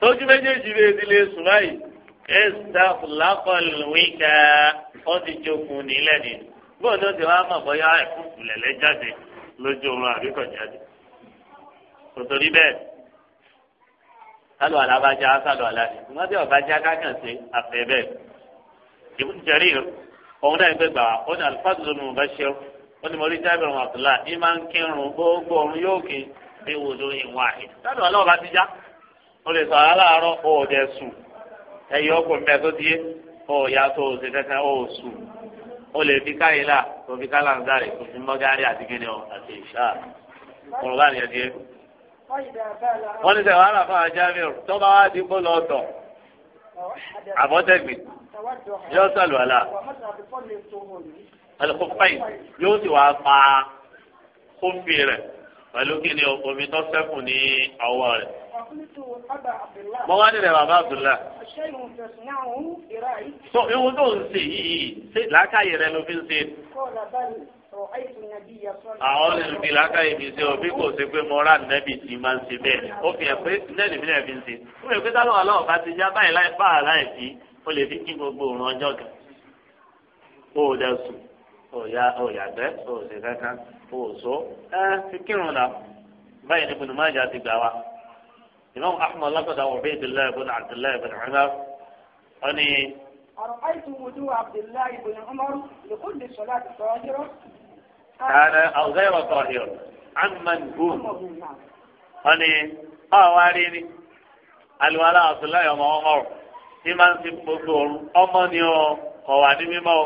tójú méjèèjì lè ti lè sùn báyìí ẹ̀sìtà fúlákọ̀lùwíkà ó ti jókun nílẹ̀ ni bóun ló ti wá mọ̀ bóyá ẹ̀kúkú lẹ̀lẹ́ jáde lójú oorun àbíkọ̀ jáde tòtòrí bẹ́ẹ̀ sálọ alábàjá sálọ aláàdì ìgbọ́n tí ọ̀bàjá kákàn sí àfẹ́ bẹ́ẹ̀ ìbùn jẹ̀rí òun náà gbé gbà wá ó ní alifásitì lónìí mo bá ṣe ó ní mo rí jábìrì wọn àtúlá ní máa ń kírun gbogbo òun yóò kí bí wòlò ìwà ẹ̀ sádùn bá ti já o lè sọ aláàárọ̀ o ò dẹ̀ sùn ẹ̀yọ́ ọkùnrin bẹ́ẹ̀ tó ti yé o ò yá tó o ṣe kẹ́kẹ́ o ò sùn o lè fi káyìí là o fi kálàǹdàrì o fi mọ́gárì àti kíni o àti ìṣá òun bá nìyẹn ti wọ́n ní sẹ́ wàhálà fún ajáfẹ́ tó bá wá dín kó lọ tọ̀ àbọ̀tẹ́gbìn yóò sàlùwàlà alùpùpù yóò sì wá pa kófì rẹ̀ pẹ̀lú kí ni omi tó sẹ́kù ní ọwọ́ rẹ̀. mo wá nílẹ̀ bàbá abdullah. so ewu tó ń ṣe yìí làákàyè rẹ ló fi ń ṣe. àwọn olùbí làákàyè mi ṣe òbí kò ṣe pé mo rà nẹ́bì tí máa ń ṣe bẹ́ẹ̀ ó fi hàn pé nẹ́ẹ̀lì mi náà fi ń ṣe. ó lè pé sálọ̀ wà lọ́wọ́ bá ti já báyìí láì bá àláì sí ó lè fi kí gbogbo òun ọjọ́ kan. ó dẹ̀ sùn ó yà bẹ́ẹ̀ ó ṣe kankan òòso ẹ fi kírun náà báyìí ní Ibn Majah ti gbà wá Imam Ahmad lakọta wọ bẹẹ dùlẹ ibùn àdùlẹ ibùn Umar ọni. أرأيت وجوه عبد الله بن عمر لكل صلاة طاهرة كان أو غير طاهرة عمن هو أني أواريني الولاء عبد الله بن عمر إمام في بطول أمني وقواني ممو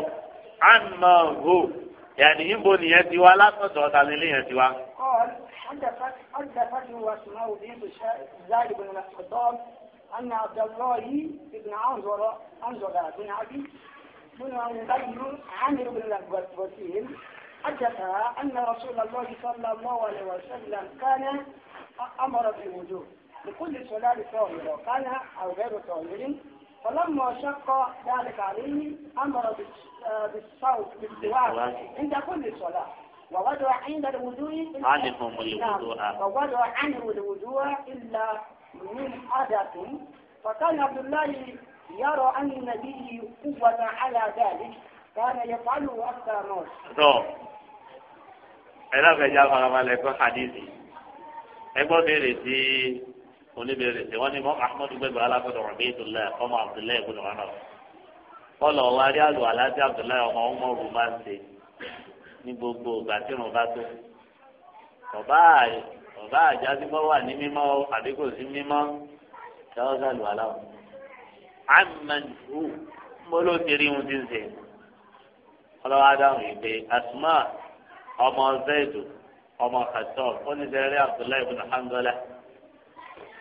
عمن هو yàtì níbo nìyẹn ti wá látọ̀dọ̀ ọ̀tà nílé yẹn ti wá. أن عبد الله بن عنزرة عنزرة بن عدي بن عمرو عامر بن البطيل حدثها أن رسول الله صلى الله عليه وسلم كان أمر بالوجوب لكل صلاة طاهرة كان أو غير طاهر فلما شق ذلك عليه امر بالصوت بالسواك عند كل صلاه ووضع عند الوضوء عنهم الوضوء ووضع عنه الوضوء الا من حدث فكان عبد الله يرى ان النبي قوة على ذلك كان يفعله حتى موت. ẹ lọ́kẹ̀já farabalẹ̀ kọ́ hadithi ẹ gbọ́ bẹ̀rẹ̀ sí oníbèrè tí wọ́n ní mọ́ ahmed gbẹgbẹ́ alágbọ̀dọ̀ ọ̀bẹ́dùlẹ̀ ọmọ abdullahi ibùdó ọ̀nà kọlọ̀ wárí àlù aláàbí abdullahi ọmọ ọmọ òru máa ń ṣe ní gbogbo ìgbà tí irun bá tó ọba ọba àjásígbọ́ wà ní mímọ́ àbí sí mímọ́ ṣáwọ́ sálù aláwọ̀ amadu mbọ́ló ti rí ohun tí ń ṣe ọlọ́wọ́ yìí pé asuma ọmọ zaidu ọmọ kàtọ́ ó ní sẹ́rẹ́ abdullahi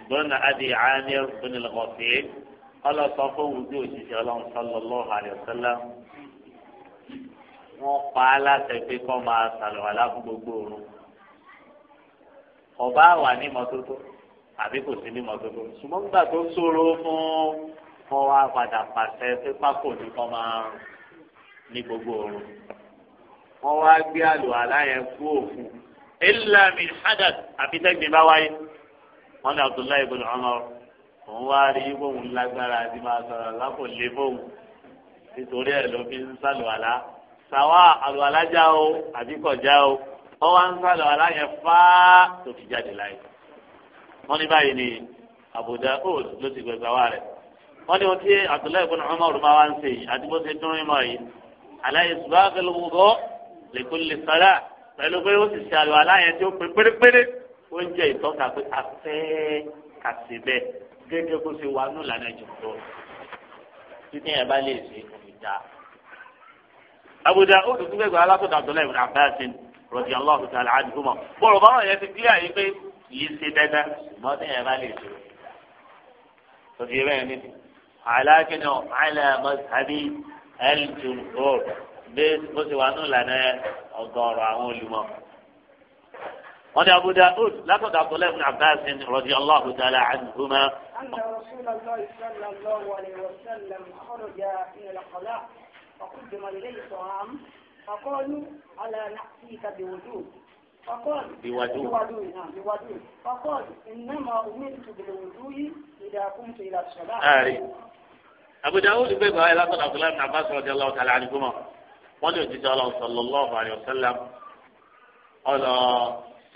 bọ́nà أبي amir بن lọ́kọ̀fẹ́ ọlọ́sọ صفو wùdí òṣìṣẹ́ ọlọ́run sallallahu alaihi wasallam wọ́n pa á láti pé kọ́ máa sàlùwàlá fún gbogbo òru ọba wà ní mọ́tótó àbí kò sí ní mọ́tótó ṣùgbọ́n nígbà tó ṣòro fún wọn wá padà pàṣẹ pé pákó ní kọ́ máa ní gbogbo òru wọ́n wá gbé àlùwàlá yẹn kú òfin illa min hadath àbí tẹ́gbìn bá wáyé wọn ní abdullahi ibn umar òun wá rí bóun lágbára àti máa sọ̀rọ̀ lápò lé bóun nítorí ẹ̀ ló fi ń sàlùwàlá sàwa àlùwàlá já o àbí kò já o ó wá ń sàlùwàlá yẹn fáá tó fi jáde láyé wọn ní báyìí ni Abu Daud ló ti gbẹgbẹ wá rẹ wọn ní wọn ti abdullahi ibn umar máa wá ń sè yìí àti bó ṣe dúró mọ yìí aláyé subahana ló wúgọ lẹkùn pẹ̀lú pé ó sì ṣàlùwàlá yẹn tí ó pérépéré ó ń jẹ́ ìtọ́ka pé a fẹ́ kà sí bẹ́ẹ̀ gẹ́gẹ́ bó ṣe wà nù lànà jùlọ títí yẹn bá lè ṣe ìdá. àbùdá ó dùn fún gbẹgbẹ alákòóso Abdullahi ibn Abbas radiyallahu ta'ala anhuma bọ̀rọ̀ báwọn yẹn ti kílíà yìí pé yìí ṣe dandan ṣùgbọ́n tí yẹn bá lè ṣe. tòkì bẹ́ẹ̀ ni alákìnnà aláàmọ́ tàbí ẹ̀ẹ́dùn bó ṣe wà nù lànà ọgọ́rọ̀ àwọn olùmọ̀. وعن أبو داود لقد عبد الله بن عباس رضي الله تعالى عنهما أن رسول الله صلى الله عليه وسلم خرج من القلاع فقدم إليه طعام فقالوا ألا نأتيك بوجود فقال بوجود بوجود نعم فقال إنما أمرت بالوجود إذا قمت إلى الصلاة آري أبو داود بن لقد عبد الله بن عباس رضي الله تعالى عنهما وعن الله صلى الله عليه وسلم قال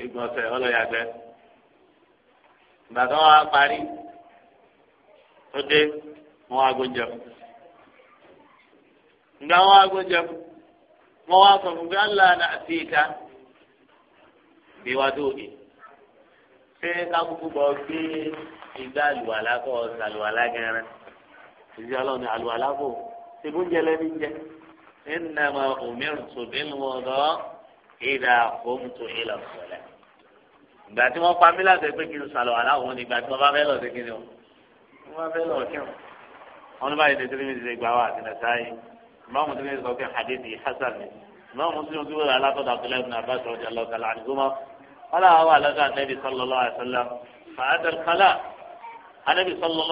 ìgbọ̀nsẹ̀ ọlọ́yàgbẹ́ gbàtọ́ wa parí ó dé wọn agbóúnjẹ nga wọn agbóúnjẹ wọn wá sọ fún mi náà sí ìta bí wàá dóògì ṣé kákúkú bọ gbé ìgbà àlùwàlá kọ àlùwàlá gẹrẹ ìdí ọlọ́run àlùwàlá kò ṣe bóúnjẹ lẹni jẹ ẹnìnàmọ òmíràn tòbí ń wọdọ ìdá òmùtò ìlà ìgbà tí wọ́n pa mí láti pé kí n sàlọ̀ aláwọ̀ ni ìgbà tí wọ́n bá fẹ́ lọ sí kí ni o wọ́n bá fẹ́ lọ kí o. wọn bá yẹn tẹ́lẹ̀ mi ti ṣe gbà wá àti nàṣáyé ìmáàmù tẹ́lẹ̀ mi sọ pé hadithi hasan ni ìmáàmù tẹ́lẹ̀ mi ti wọ́n alátọ́dọ̀ abdullahi ibn abbas rọ̀jà lọ́kà lánàgùmá wọn làwọn wà lọ́kà anabi sallallahu alayhi anabi sallallahu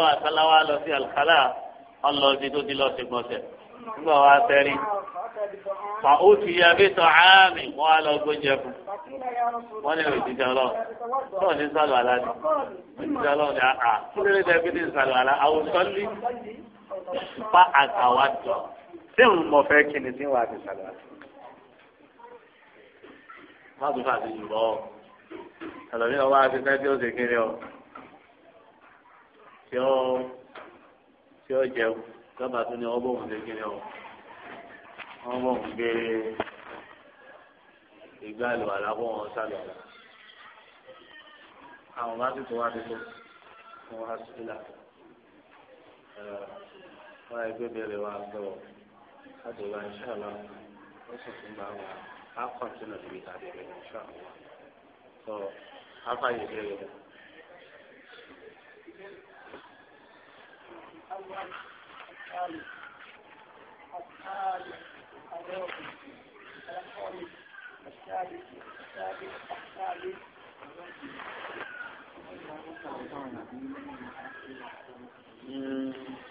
alayhi wa sallam wà fa ó ti yẹ bí tọ́ àmì wọ́n á lọ gbóúnjẹ fún wọ́n ní òjijì ọlọ́run tó ní sálọ àlá ni òjijì ọlọ́run ní àá fúnlẹ̀ dẹ́bí ní sálọ àlá àwòsàn lé fa àtàwà jọ tí n mọ̀ fẹ́ kí ni tí n wà á ti sálọ àlá. má tún fàṣẹ jù lọ ẹlòmíràn ti fẹ́ tí ó ṣe kiri o tí ó tí ó jẹun lọ́ba tó ní ọgbọ́n òun ṣe kiri o wọ́n bọ̀ ń béèrè ìgbà lò àlábọ̀ wọn sálọ la àwọn bá ti wá ti wọn wá sí la wọn ẹgbẹ́ bẹ̀rẹ̀ wa gbọ́ láti wá iṣẹ́ àlọ́ ó sì tún bá wà á kọ̀tún náà níbi tàbí rẹ̀ iṣẹ́ àwọn tó afáyè bẹ̀rẹ̀ rẹ̀. Thank you. الخامس السادس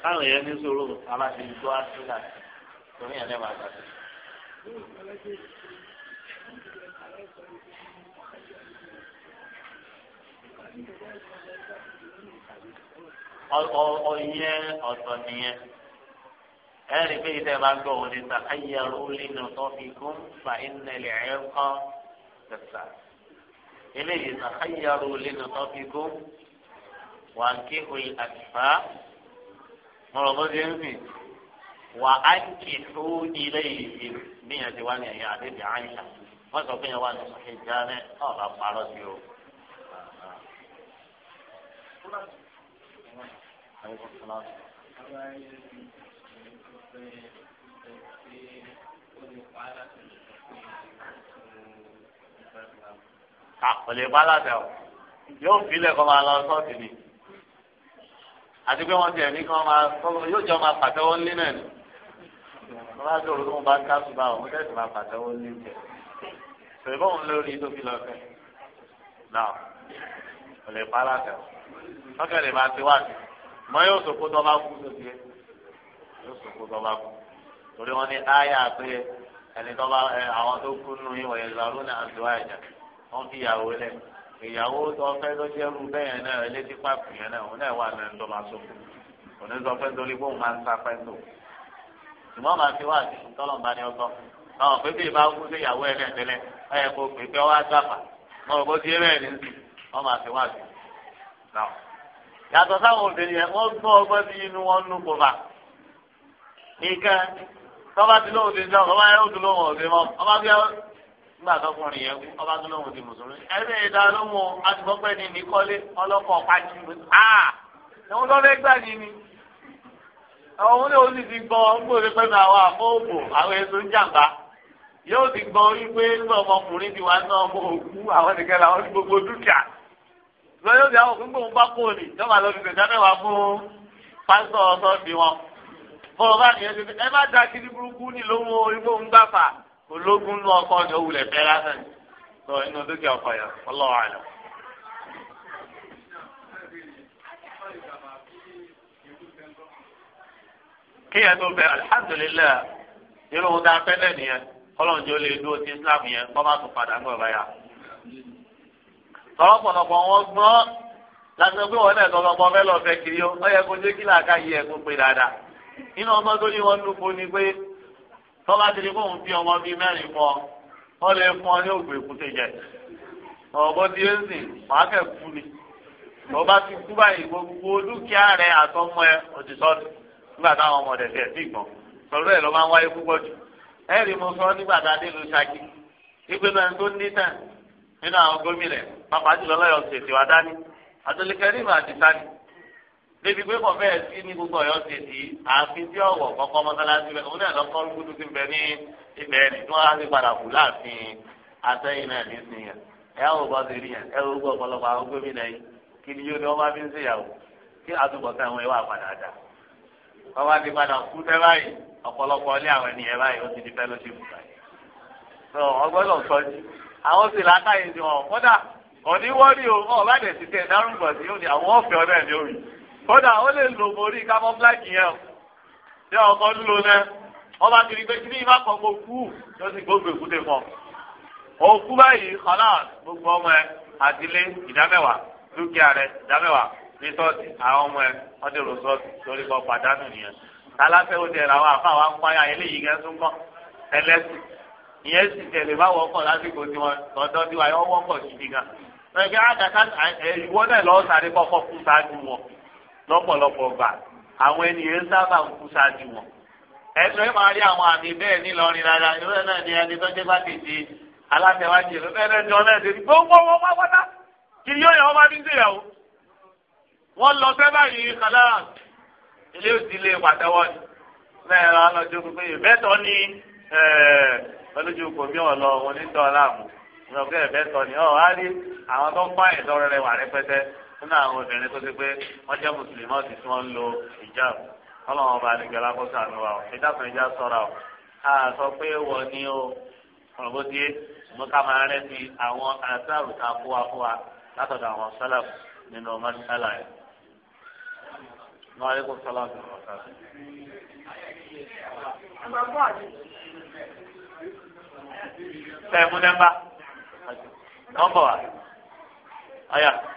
káwọn èèyàn ní sòrò aláṣẹ torí lẹ́wọ̀n ọ ọ̀tọ̀ nìyẹn. ẹ̀rí pé ìtẹ́ máa gbọ́ òun ní ta ayẹ̀rọ nínú tó fi kún fa iná ilẹ̀ ẹ̀ kọ́ tẹ̀sà. eléyìí ta ayẹ̀rọ nínú tó fi kún wà kí olè àtìfá mọ̀rọ̀ bó ti ń sìn wà á kì ó ilé yìí níyàn ti ní ẹ̀yà àdébì àyà wọ́n sọ pé yẹn wà ní sọ̀kè jáde náà bá parọ́ sí o. Thank you àkọlẹ̀ balàdà o yóò filẹ̀ kọ́ máa lọ sọ́ọ̀tì ni àti pé wọ́n ti ẹ̀ ní máa yóò jọ máa pàtẹ́wọ́ ńlé náà ni wọ́n bá dòrò tó bá ń ká sùn báwọn wọ́n máa pàtẹ́wọ́ ńlé jẹ pẹ̀lú bọ́ọ̀n lórí tó fi lọ fẹ́ náà àkọlẹ̀ balàdà o wọ́n kẹ́lẹ̀ máa ti wá sí mọ́ yóò sọ kó tó bá kú tó ti yẹ yóò sunkún tọ́ba kú torí wọn ní áyà pé ẹni tọ́ba àwọn tó kú nù yín wọ̀nyẹn lọ́rùn náà ń dùn àjà wọ́n fi ìyàwó lẹ̀ ìyàwó tó fẹ́ tó jẹ́ rú bẹ́yẹn náà eléjì pàpù yẹn náà òun náà wà lẹ́nu tó máa sunkún òun ní sọ fẹ́ torí pé òun máa ń sáfẹ́ tó ṣùgbọ́n máa fi wá àti tọ́lọ̀mbá ni ọkọ àwọn pépè bá kú sí ìyàwó ẹ̀ náà tẹ́lẹ̀ ẹ̀ kó pépè wá gbàpà mọ̀ bó ti rẹ̀ ní sí wọ́n máa fi wá àti yàtọ̀ sáwọn obìnrin yẹn wọ́n gbọ́ ọgbọ́n bí inú wọn nú kó bá nìkan tọ́ba tí lóhùn ti ń dán ọba yóò tún lóhùn ọ̀sẹ̀ mọ́ ọba bí wọ́n tọkùnrin yẹn kú ọba tún lóhùn ti mùsùlùmí. ẹgbẹ́ ìdá lóhùn àtìgbọ́pẹ́ ni nìkọ́lé ọlọ́kọ̀ pàjù áà òun lọ́lẹ́ gbà ni. òun ti gbọ́ gbòòrè àwọn àwọn èso ń jàǹbá yóò ti gbọ́ wípé nígbà ọmọkùnrin ti wá òkú àwọn nìkan làwọn ti gbogbo dúkìá. bọ́ọ̀ bá yẹn ṣe ẹ má da kiri burúkú ní lówó igbó ń gbàfà ológun ní ọkọ ní òwúlẹ̀ fẹ́ lásán tó inú dúkìá ọkọ yẹn ọlọ́wọ́ àlọ́. kíyẹn tó bẹ alihamdulilayi irú ohun tá nìyẹn kọ́lọ́n lè dúró sí islam yẹn kọ́ má tún padà ń gbọ̀ báyà. tọ́lọ́pọ̀lọpọ̀ wọn gbọ́n lásìkò pé wọn náà tọ́lọ́pọ̀ fẹ́ lọ́ọ́ fẹ́ kiri ó ó yẹ kó jẹ́ kí làákà yí ẹ̀ tó pé dáadáa. inú ọmọ tó ní wọn dúpọ̀ ni pé tọ́lá ti di kó òun bí ọmọ bíi mẹ́rin fún ọ wọ́n lè fún ọ ní ògùn èkúté jẹ ọ̀bọ tí ó ń wàá ni ti kú báyìí gbogbo dúkìá àtọmọ ẹ nígbà táwọn ọmọ fẹ̀ sí ìgbọ̀n ẹ̀ lọ́ sọ nígbà tá a dé lu Ṣakí ìpè náà tó ní tàn nínú àwọn gómìnà pàpà jùlọ lọ́yọ̀ dání àti débi pé kò fẹ́ẹ̀ sí ní gbogbo ọ̀yọ́ tètè àfi tí ọ̀wọ̀ kọ́kọ́ mọ́sálásí rẹ̀ òun náà lọ́kọ́ rúgúdú ti bẹ ní ibẹ̀ rẹ̀ tí wọ́n á ti padà kù láàfin atẹ́yìn náà nísìnyẹ ẹ ò bọ́ sí rí yẹn ẹ ò gbọ́ ọ̀pọ̀lọpọ̀ àwọn gómìnà yìí kí ni yóò ní wọ́n bá fi ń ṣèyàwó kí àtúbọ̀tán àwọn ìwà padà dà wọ́n bá ti padà kú tẹ́ báyìí ọ̀pọ̀lọpọ̀ ilé àwọn ènìyàn báyìí ó ti di fẹ́lóṣìpù báyìí. sọ ọgbọ́dọ̀ sọ́jú àwọn sì látàyè ti hàn kódà òní wọ́n rí o ọ̀ bá dẹ̀ ti tẹ̀ dárúgbọ̀n sí òní àwọn ọ̀fẹ́ ọ̀dọ̀ kódà ó lè lò mórí kámọ́ bíláàkì yẹn o ṣé ọkọ ń lò náà wọ́n bá kiri pé kí ní ìbá kan kó kú tó sì gbóògbé kúté fún òkú báyìí kọ́lá gbogbo ọmọ ẹ àtìlé ìdámẹ́wàá dúkìá rẹ ìdámẹ́wàá rìsọ́ọ̀tì àwọn ọmọ ẹ wọ́n ti rìsọ́ọ̀tì lórí kọ́ pàdánù nìyẹn. aláfẹ́ ó tẹ̀lé àwọn àfa àwọn akpáyà eléyìí gẹ́ tún kọ́ ẹlẹ́sìn ìyẹn sì tẹ̀lé bá wọ́pọ̀ lásìkò tí wọ́n tọ́jọ́ tí wọ́n wọ́pọ̀ lọ́pọ̀lọpọ̀ gbà àwọn ènìyàn sábà ń kú ṣáájú wọn. ẹ̀sùn yìí máa rí àwọn àmì bẹ́ẹ̀ nílọrin rárá ìrọ̀lẹ́ náà ni ẹni tó jẹ́ bá kejì alátẹ̀wájú ìlú bẹ́ẹ̀ jọ náà ṣe gbogbo wọn wá pátá kì í yọ̀yàn wọn bá fi ń ṣèyàwó. wọ́n lọ sẹ́ báyìí kàlá ilé òsìlè pàtẹ́wọ́ ni bẹ́ẹ̀ rà lọ́jọ́ pé ìbẹ́tọ̀ ni olójúkò mi ọ̀lọ́ onítọ̀ láàmú ìrọ̀kẹ́ ìbẹ́tọ̀ ni ọ̀ nínú àwọn obìnrin tó ti pé wọ́n jẹ́ mùsùlùmí ọ̀sì tí wọ́n ń lo ìjáàbù ọlọ́run ọba àdìgbẹ́ lákòóso àánú wa ìdákùn ìjà sọ̀ra o a sọ pé wọ́n ní o ọ̀rọ̀ tí mo ká máa rẹ́ ti àwọn àtàrù ká fún wa fún wa látọ̀dọ̀ àwọn sálàbù nínú mọ́ṣálà yẹn. Wọ́n á kó sálàbù lọ sálàbù. Ṣé ẹ mú nẹ́mbà? Nọ́mbà wa? Ọ̀yà. Oh, yeah.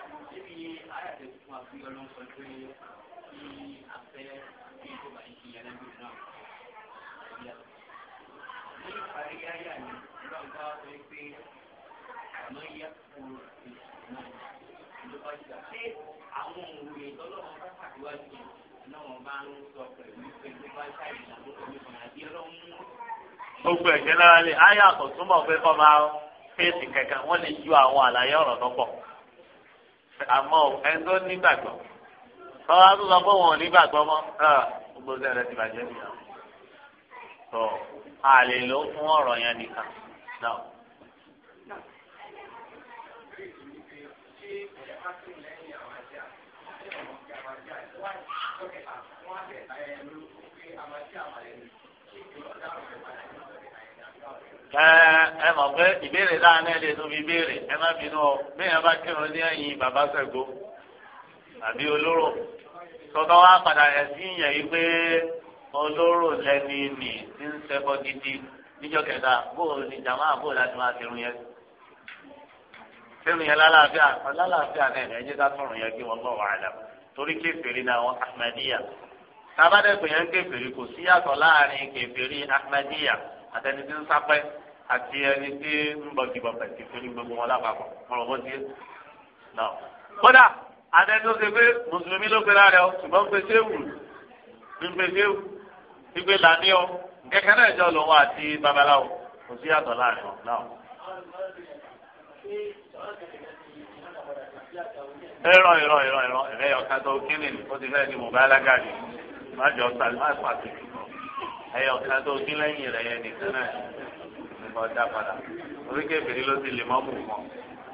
kọjá pé àwọn òwe tọ́lọ́wọ́n bá pàdéwájú náà wọ́n bá ń sọ pẹ̀lú pẹ̀lú bá ṣáàyè ìlànà pẹ̀lú ìfọ̀nà àbí ọlọ́run mú. gbogbo ẹ̀jẹ̀ náà lè ayé àkọ̀túnbọ̀ pé kọ́ máa fèsì kẹ̀kẹ́ wọ́n lè ju àwọn àlàyé ọ̀rọ̀ tó pọ̀ àmọ́ ẹni nígbàgbọ́ tọ́wọ́ á sọ pé wọn ò nígbàgbọ́ mọ́ gbogbo sẹ́rẹ̀ ti bàjẹ́ nìyàwó. tó àlè ló fún ọ̀rọ̀ yẹn nìkan náà. ẹ ẹ mọ̀ pé ìbéèrè láàánú ẹ̀ lè tún fi béèrè ẹ má bínú ọ bẹ́ẹ̀ bá kírun ní ẹ̀yìn bàbá sẹ́gbó àbí olóró tọ́tọ́ wá padà ẹ̀ sí ìyẹn yìí pé olóró lẹ́ni nì ti ń sẹ́kọ́ gidi níjọ́ kẹta bóòlù ni jàmá bóòlù láti máa kírun yẹn kírun yẹn lálàáfíà lálàáfíà náà ẹ̀ jẹ́ ká tọrùn yẹn kí wọ́n bọ̀ wàhálà torí kèfèrí náà wọn ahmadiyya tábàdé pèyàn kèfèrí kò sí yàtọ̀ láàrin kèfèrí ahmadiyya àtẹni tí ń sápẹ́ àti ẹni tí ń bọ̀gìbọ̀gì kèfèrí gbogbo wọn lápapọ̀ mọ̀rọ̀ bó ti nà. kódà àtẹni tó ṣe pé mùsùlùmí ló pe lára ọ ṣùgbọ́n pé séwù ń pe séwù ń pe làní ọ kẹkẹ náà jọ lòun àti babaláwo kò sí yàtọ̀ láàrin ọ náà. ẹ̀rọ ìrọ ìrọ ìrọ ẹ̀rẹ́ ọ̀ka tó ó ti fẹ́ di mọ̀bálágà ni má jọ sàlẹ̀ má pàṣẹ ẹ̀yọ̀ ọ̀ka tó lẹ́yìn rẹ̀ yẹn nìkan náà nípa ọjà padà orí kébìrì ló ti lè mọ́ mú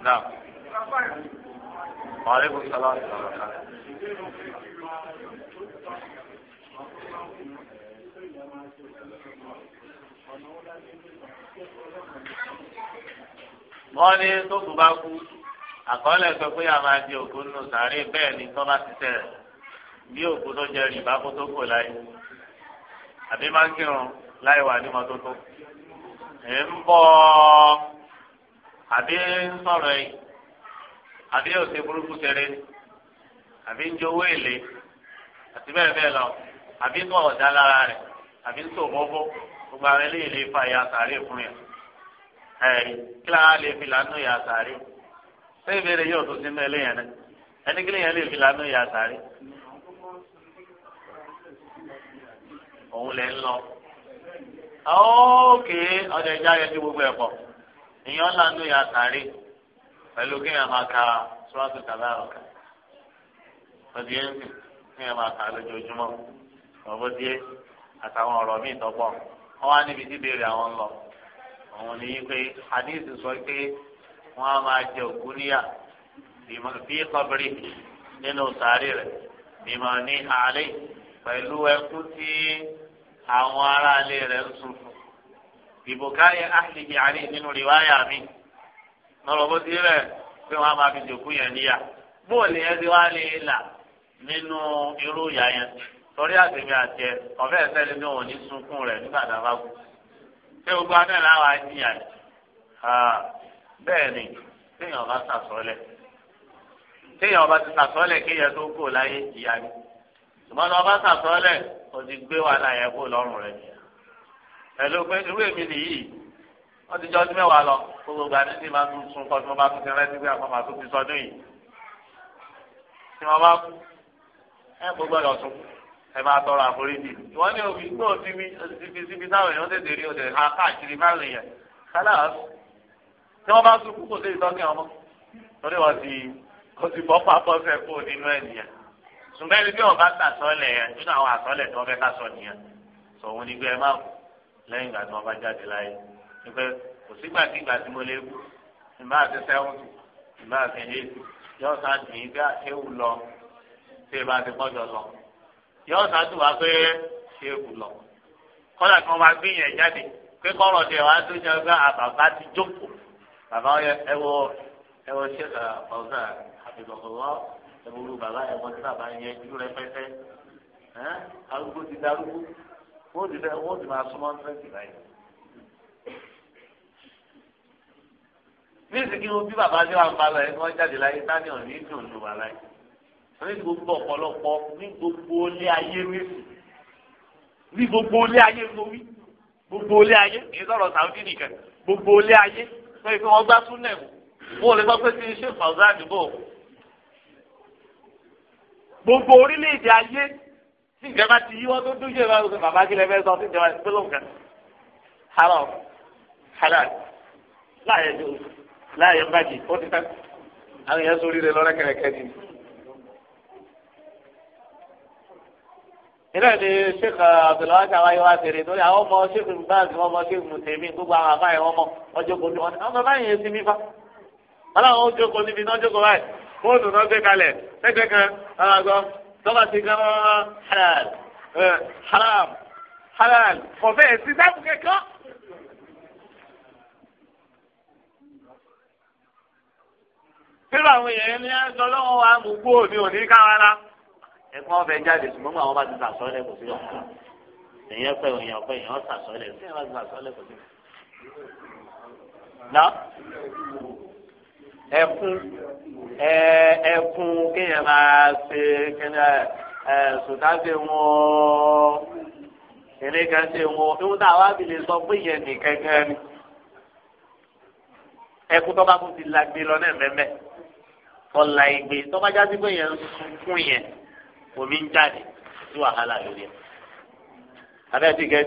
náà. ọ̀rẹ́ kò sọ lọ́wọ́ sọ̀rọ̀ wọ́n ní tó àkọọ́lẹ̀ sọ pé àmà di òkú nù sàárè bẹ́ẹ̀ ni tọ́ bá ti tẹ̀ bí òkú tó jẹ rìbá kó tó kò láyé àbí máa ń kírun láì wà ní mọ́tótó ẹ̀ ń bọ̀ àbí ń sọ̀rọ̀ yìí àbí òsè burúkú tẹ̀lé àbí ń jowó èlé àti bẹ́ẹ̀ bẹ́ẹ̀ lọ àbí ń bọ̀ ọ̀dá lára rẹ̀ àbí ń sòmóbó gbogbo àwọn eléyìí lè fa ìyá sàárè fún yẹn ẹ̀ kí lára lè fi lànà ìyá sàárè fún ṣé ihe yóò tún sínú ẹlẹ́yìn rẹ ẹni kí lèyìn lè fi lànà ìyá sáré òun lè ń lọ. ókè ọjà ìjà yẹn ti gbogbo ẹ̀ pọ̀ ìyẹn lànà ìyá sáré pẹ̀lú kí èèyàn máa ka tàbí ọdí ẹ̀ ń sìn kí èèyàn máa lójoojúmọ́ ọ̀bọ̀ díẹ̀ àtàwọn ọ̀rọ̀ míì sọ pé. wọn a máa jẹ òkú níyà bí kọbìrì nínú sàárì rẹ bímọ ní àlè pẹ̀lú ẹkú tí àwọn aráalé rẹ ń sun fún bìbùkáyé àṣìjì àlè nínú rìwáyà mi lọ́rọ̀ bó ti rẹ̀ pé wọ́n á máa fi jòkú yẹn níyà bóòlù yẹn ti wá lè là nínú irú ìyá yẹn torí àtẹ̀mí àtẹ ọ̀fẹ́ ẹ̀sẹ̀ ni mi ní sunkún rẹ̀ nígbà tá a bá kú. ṣé gbogbo adé làwọn á bẹ́ẹ̀ ni téèyàn bá sàsọ́lẹ̀ téèyàn bá ti sàsọ́lẹ̀ kéèyàn tó kò láyé ìyá ni ṣùgbọ́n lọ́ọ́ sàsọ́lẹ̀ o ti gbé wàhálà yẹn kó lọ́rùn rẹ̀ nìyà pẹ̀lú pé irú èmi nìyí wọ́n ti jọ ọdún mẹ́wàá lọ gbogbo ti máa tún sun kọ́ tí wọ́n bá tún ti tí wọ́n bá tún kú kò sí ìtọ́jú ọmọ torí wọ́n ti kò sí bọ́ pápọ́ fẹ́ kó nínú ẹ̀ nìyẹn ẹni tí wọ́n bá tà sọ́ọ̀lẹ̀ yẹn nínú àwọn àsọ́ọ̀lẹ̀ tí wọ́n fẹ́ ká sọ nìyẹn sọ òun ni ẹ má kú lẹ́yìn ìgbà tí wọ́n bá jáde láyé ni kò sígbàkigbà tí mo lè kú ìmọ̀ àti sẹ́wọ̀ntì ìmọ̀ àti ẹ̀yẹ́sì yóò sá dùn yín ewu lọ tí ẹ bá ti pọ́jọ lọ yóò sá dùn wá pé ewu lọ kọ́lá bàbá ẹ wọ ẹ wọ ṣe ọ̀sà àbìbọ̀kọ̀wọ́ ẹ wọ olú bàbá ẹ wọ tí bàbá yẹ uh, irú rẹ pẹ́pẹ́ arúgbó ti darúgbó wọ́n ti fẹ́ wọ́n ti máa súnmọ́ twenty nine. ní ìsìnkú bí bàbá ṣe wà ń balọ̀ ẹ̀ wọ́n jáde láyé tani ọ̀ ní dùn lù wà láyé ní gbogbo ọ̀pọ̀lọpọ̀ ní gbogbo ilé ayé rí ní gbogbo ilé ayé lórí gbogbo ilé ayé kì í sọ̀rọ̀ sàmúdì nìkan gbogbo ilé ayé pé kí wọ́n gbá súnẹ̀ wò wọ́n lè gbọ́ pé kí n ṣe fàwùzà àdúgbò. gbogbo orílẹ̀-èdè ayé tí ìjọba ti yí wọ́n tó dúró ìjọba ló sọ bàbá kí lè sọ sí ìjọba ìpínlẹ̀ òǹkà. haram halal láàyè láàyè bàjẹ́ ó ti tán àwọn èèyàn sórí rẹ lọ́rẹ́ kẹ̀kẹ́ ilé ní sheikh abdullahi ṣe wáyé wá fèrè torí àwọn ọmọ sheikh báàgì wọn mọ sheikh gbogbo àwọn àbá yẹn wọn mọ ọjọ́ kò ní wọn yẹn ti mí fa aláwọn ọjọ́ kò níbi náà ọjọ́ báyìí fóònù náà gbé kalẹ̀ ẹgbẹ́ kan àgbọ̀ tọ́ba ti gan halal haram halal kọ̀fẹ́ ẹ̀sìn sáàpù kẹ̀kọ́. fílọ̀ àwọn èèyàn ní ẹ̀ ń lọ́wọ́ wa mú gbóòdì òní káwa la ẹ̀kọ́ ọbẹ̀ jáde ṣùgbọ́n àwọn bá ti sàsọ́lẹ̀ kò sí ọ̀kan èèyàn pẹ̀ èèyàn pẹ̀ èèyàn sàsọ́lẹ̀ sí ẹ̀rọ sàsọ́lẹ̀ kò sí. Nà ẹkún ẹkún kéèyàn máa ṣe kéèyàn ẹ sùtá ṣe wọn ilé kan ṣe wọn ohun tá a wá sọ pé yẹn nìkan kan ni ẹkún tó bá kún ti lagbe lọ náà mẹ́mẹ́ tọ́la ìgbé tó bá já sí pé yẹn sunkún yẹn omi ń jáde sí wàhálà lórí ẹ̀. abẹ́ ti gẹ̀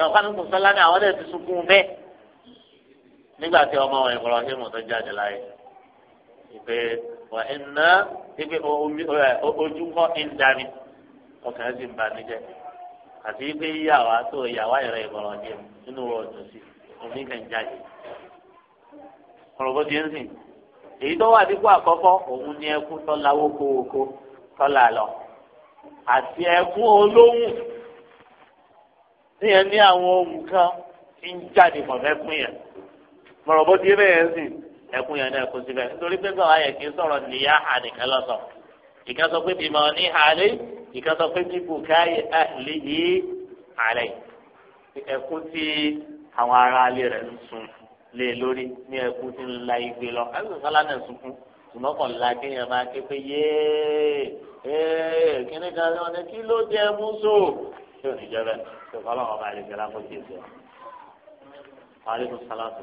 ẹ́ ọ̀kan ní kò sọ́lá ní àwọn ọ̀dẹ́ ti sunkún bẹ́ẹ̀ nígbà tí ọmọ wọn ìkọ̀rọ̀ sí mọ̀tọ́ jáde láyé ìpè wà iná ìpè ojú kọ́ ń dání ọkàn ẹ̀ sì ń ba níjẹ́ àti ìpè yíyàwó àti òyàwó ìrẹ̀ ìkọ̀rọ̀ jẹ nínú ọ̀dùn sí omi kan jáde kọ̀rọ̀bọ̀ ti ń sìn èyí tó wà dípò àkọ́kọ́ òun ni ẹkú tọ́láwó kó oko tọ́lá lọ àti ẹkún olóhùn níyẹn ní àwọn ohun kan ń jáde pọ̀ mẹ́kún yẹn mọ̀rọ̀ bó ti bẹ́ẹ̀ sì ẹkún yẹn náà kó síbẹ̀ nítorí pé sọ̀rọ̀ ayẹ̀ kì í sọ̀rọ̀ nìyá àdìkan lọ́sọ̀ ìkan sọ pé bímọ ní àlẹ́ ìkan sọ pé bíbu káyé àlẹ́ yìí àlẹ́ ẹkún tí àwọn ará alẹ́ rẹ̀ ń sun lé lórí ní ẹkún tí ń la igbe lọ ẹ̀sìn sọ́lá náà sunkún tùmọ̀kàn la kéèyàn máa ké pé yéé ee kíní kan lọ ní kí ló jẹ múso tí ò ní jẹ bẹ tó fọlọ́ ọba àlejò alákòóso ètò ẹ̀ wàhálà sàlátù.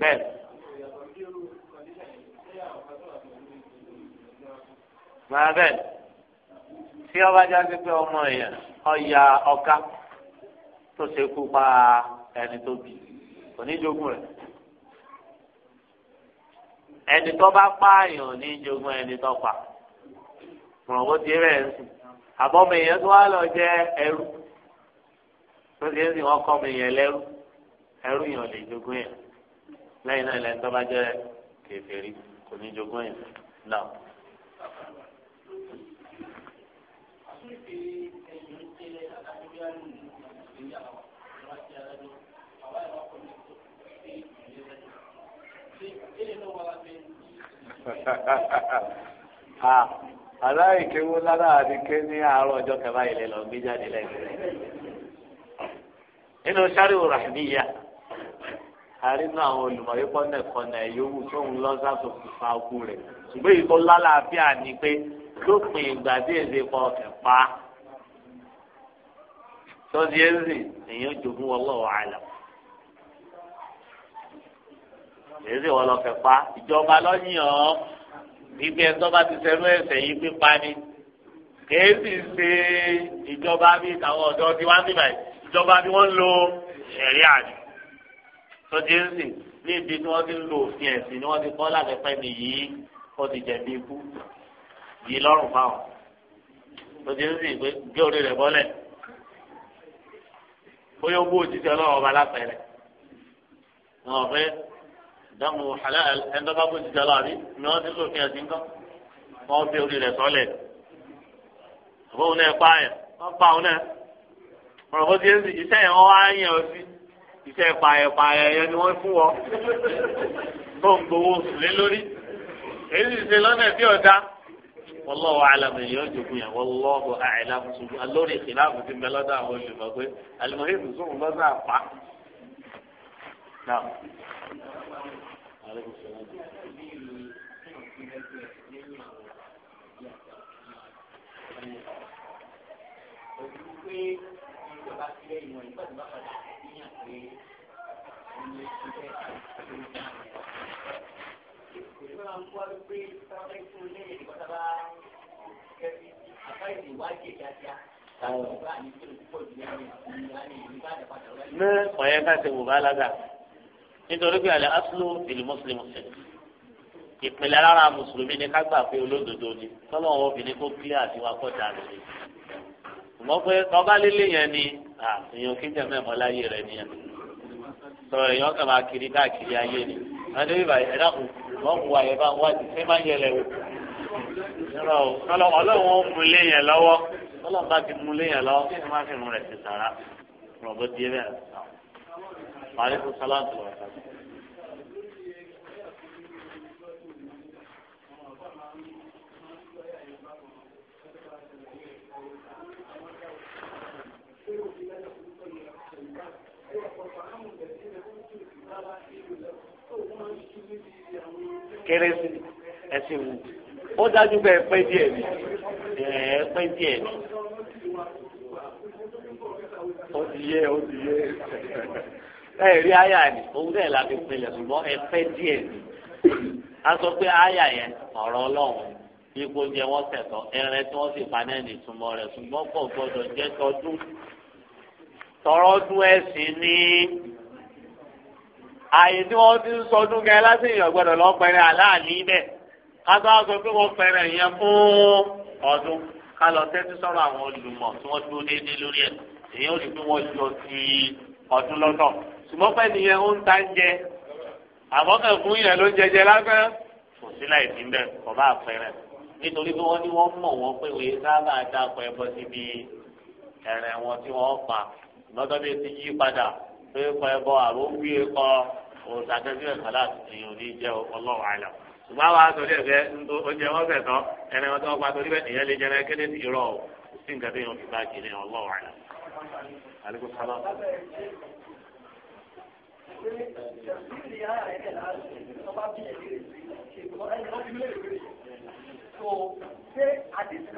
bẹ́ẹ̀ máa bẹ́ẹ̀ tí ọba jáde pé ọmọ èèyàn ọ̀ya ọ̀ka tó ṣekú pa ẹni tó bì kò ní jogún rẹ̀ ẹni tó bá pààyàn ní jogún ẹni tó pa mọ̀nàbó ti rẹ̀ ń sùn àbọ̀mọ̀ èèyàn tó wá lọ jẹ́ ẹrú tó ti ń sìn wọ́n kọ́ mi yẹn lẹ́rú ẹrú yẹn lè jogún yẹn lẹ́yìn náà lẹ́yìn tó bá jẹ́ kèfèrí kò ní jogún yẹn náà. aláìkéwó lára àdìké ní àárọ̀ ọjọ́ kẹfà ilẹ̀ lọ gbé jáde lẹ́gbẹ̀rẹ́ nínú sáré àrínú àwọn olùmọ̀wé yòówù tó ń lọ fífa okú rẹ̀ ṣùgbọ́n ni pé lópin ìgbà tí èdè kọ ọ̀fẹ́ pa tọ́sí ẹ̀sìn àlọ́. èyí sì wọ́n lọ fẹ́ pa ìjọba lọ́yìn ọ́ ibi ẹ̀tọ́ bá ti sẹ́nu ẹ̀sẹ̀ yìí pípa ni èyí sì ṣe ìjọba bí àwọn ọ̀dọ́ tí wọ́n ń bíbà ìjọba bí wọ́n ń lo ẹ̀rí àná tó ti ń sìn ní ibi tí wọ́n ti ń lo òfin ẹ̀sìn ni wọ́n ti kọ́ láti pẹ́ nìyí kó ti jẹ̀bi ikú yìí lọ́rùn fáwọn tó ti ń sìn pé gé orí rẹ̀ bọ́lẹ̀ bóyá ó bó òjijì ọlọ́run ọba lápẹ̀rẹ̀ wọn dàmú halal ẹni tó bá kó jíjà láàbí ni wọn ti sòfin ẹsìn kan wọn fi orí rẹ sọlẹ àbọ òun náà pa yẹn wọn pa òun náà ọ̀rọ̀ bó ti ń sìn iṣẹ́ yẹn wọn wá yẹn ọ sí iṣẹ́ pààyàn pààyàn yẹn ni wọn fún wọn tó ń gbowó sílé lórí èyí sì ṣe lọ́nà tí ọ̀dà wallahu a'lam èyí ó jogún yẹn wallahu a'lam ṣùgbọ́n lórí ìlànà ti bẹ lọ́dọ̀ àwọn olùmọ̀ pé àlùmọ̀ yìí tó sóhun lọ́sàn àpá. Pẹ̀lú ní ọ̀yẹ́ ká ṣe bá lága nítorí pé àlẹ́ asúlù ìlú mùsùlùmí sẹ̀ ìpìlẹ̀ rárá mùsùlùmí ni ká gbà pé olódodo ni tọ́lọ́wọ́ obìnrin kó kílẹ̀ àti wá kọ́ dà lórí mọ̀ pé tọ́ba líle yẹn ni èèyàn kí jẹ́ mẹ́mọ́ láyé rẹ̀ nìyẹn sọ̀rọ̀ èèyàn kàn máa kiri káàkiri ayé ni wọ́n dé bíbá ẹ̀dá kù wọ́n mú ayé bá wá ti ṣé máa yẹlẹ̀ wò ọlọ́run ó yẹn lọ́wọ́ ọlọ́run bá ti mú yẹn lọ́wọ́ kí ni má fi mú rẹ̀ ti sàrà rọ̀bọ̀ díẹ̀ bẹ́ẹ̀. وعليكم السلام ورحمة الله kérésì ẹsìn wù ó dájú pé ẹpẹ díẹ̀ ni ẹpẹ díẹ̀ ni ó ti yé ó ti yé ẹ rí àyà ni òun dẹ̀ la fi pinlẹ̀ ṣùgbọ́n ẹ fẹ́ díẹ̀ ni a sọ pé àyà yẹn ọ̀rọ̀ ọlọ́run ipò jẹ wọ́n tẹ̀tọ̀ ẹrẹ tí wọ́n sì pa náà ní ìtumọ̀ rẹ̀ ṣùgbọ́n kò gbọdọ̀ jẹ́ tọdún tọrọdún ẹ̀sìn ní àyè tí wọ́n ti ń sọdún gẹ́ láti èèyàn gbọdọ̀ lọ pẹ̀rẹ̀ aláàlí bẹ́ẹ̀ ká tó a sọ pé wọ́n pẹ̀rẹ̀ yẹn fún ọdún ká lọ tẹ́tí sọ́rọ̀ àwọn olùmọ̀ tí wọ́n dúró déédéé lórí ẹ̀ èèyàn ò ní pé wọ́n yọ sí ọdún lọ́tọ̀ ṣùgbọ́n pẹ́ nìyẹn ó ń ta ń jẹ àmọ́kàn fún yẹn ló ń jẹjẹ lábẹ́ kò sí láì sí bẹ́ẹ̀ kò bá pẹ́rẹ́ nítorí pé wọ́n ní wọ́n mọ̀ wọ́n pé òye sábà dáko ẹbọ síbi ẹ̀rẹ̀ wọn tí wọ́n pa lọ́dọ̀ bí ti yí padà pé e kọ ẹbọ àrùn wí kọ òṣàkẹ́sí ẹ̀ka láti èèyàn ní jẹ́ ọlọ́run àlọ́ ṣùgbọ́n àwọn àtọ̀lẹ́ ẹ̀fẹ́ ńdó oúnjẹ wọn fẹ̀ tán ẹ̀rẹ̀ wọn tí wọ́n pa torí bẹ́ẹ̀ ìyẹn lè jẹrẹ kéde sí sí nǹkan tó yẹn fi bá kiri ọlọ́run àlọ́. So ṣé àdìsí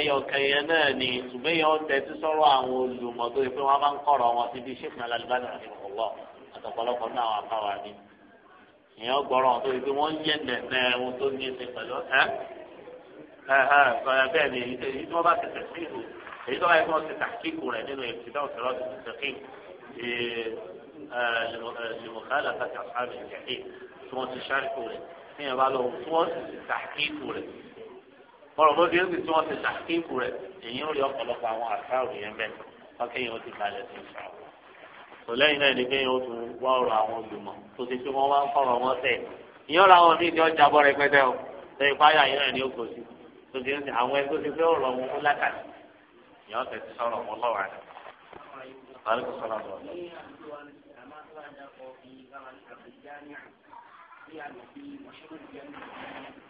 ẹyọ kẹyẹ náà ni ṣùgbọ́n yẹn ó tẹ́tí sọ́rọ̀ àwọn olùmọ̀ tó máa ń kọ̀rọ̀ wọn síbi ṣèkùn alálùbáná àti ọ̀pọ̀lọpọ̀ náà wà fáwọn èèyàn gbọ́rọ̀ tó yẹ kí wọ́n yẹ nẹ̀nẹ̀ ohun tó ní ṣe pẹ̀lú ẹ́ bẹ́ẹ̀ ni èyí tí wọ́n bá ti sí ìlú èyí tó bá yẹ kí wọ́n ti tàkíkù rẹ̀ nínú ìfìdá òṣèlú ti tẹ̀ sí lèmọ̀kálà tàbí àṣàbẹ̀ ìjẹ̀kẹ́ tí wọ́n ti ṣàríkù rẹ̀ tí yẹn bá lọ tí wọ́n ti tàkíkù rẹ̀ ọ̀rọ̀ bó dé tí wọ́n ti tàkíkù rẹ̀ èyí ó rí ọ̀pọ̀lọpọ̀ àwọn àṣà òrìyẹn bẹ́ẹ̀ wọ́n kéèyàn ó ti balẹ̀ sí ìṣàwọ̀ tó náà ni pé yóò tún wá ọ̀rọ̀ àwọn olùmọ̀ tó ti fi wọ́n wá ń fọ̀rọ̀ wọn tẹ̀ ìyẹn ọ̀rọ̀ àwọn míì ọjà bọ́ rẹpẹtẹ o tó ipa yà náà ni ó kò sí tó ti ń sìn àwọn ẹgbẹ́ tó ti fi ọ̀rọ̀ wọn fún lákàtì ìyẹn ọ̀tẹ̀ ti sọ̀rọ̀ wọn lọ́wọ́ rẹ̀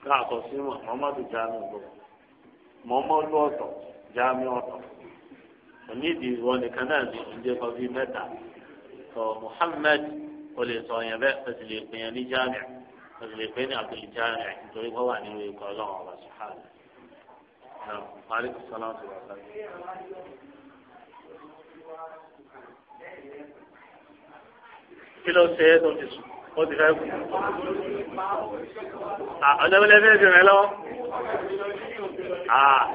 káàkó sí mọ́mọ́dù jáàmù lọ mọ́mọ́dù ọ̀tọ̀ jáàmù ọ̀tọ̀ onídìí wọn nìkan náà ní oúnjẹ kan mẹ́ta محمد ولي طيباء اللي قيام جامع فزلي قيام عبد الجامع انتو يبهو عنه الله سبحانه نعم عليكم السلام ورحمة الله كيلو سيد وتسو قد غيب اه انا ولا بيجي ملو اه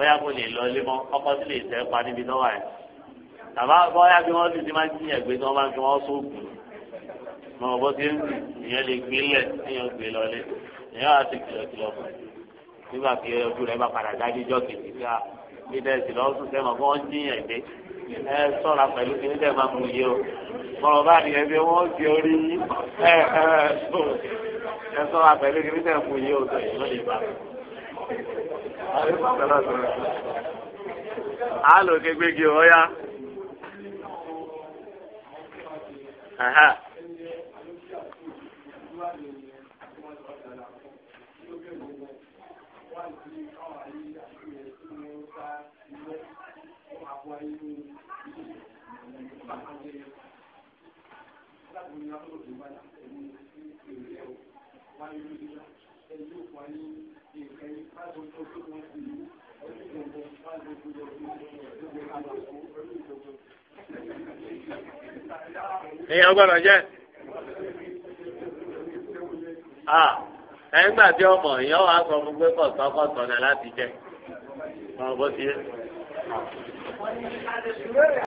bóyá kò lè lọ ilé mọ́ ọkọ sì lè tẹ́ pa níbi tó wà yẹn tàbá bóyá bí wọ́n sì ti máa ń jiyàn gbé tí wọ́n máa ń fi wọ́n sóògùn mọ bó ti ń sì ìyẹn lè gbé lẹ̀ ìyẹn gbé lọ lé ìyẹn wàá ti kìlọ̀kìlọ̀ fún nígbà tí ojú rẹ bá padà dájú jọ kìkì ká bí tẹ̀sí lọ́sùn sẹ́mọ̀ kó wọ́n jiyàn gbé ẹ sọ̀rọ̀ pẹ̀lú kí nígbà máa mú iye o mọ̀rọ̀ bá nìyẹn bí wọ́n ti orí ẹ ẹ sọ̀rọ̀ ẹ sọ̀rọ̀ pẹ̀lú kí nígbà mú iye o sọ̀rọ̀ alo kegbe gi o Thank you. èèyàn gbọ́dọ̀ jẹ́ ẹ̀ńgbà tí ọmọ èèyàn wà sọ fún pé kọ̀tọ̀kọ̀tọ̀ náà láti jẹ ọ̀rọ̀ bó ti yé.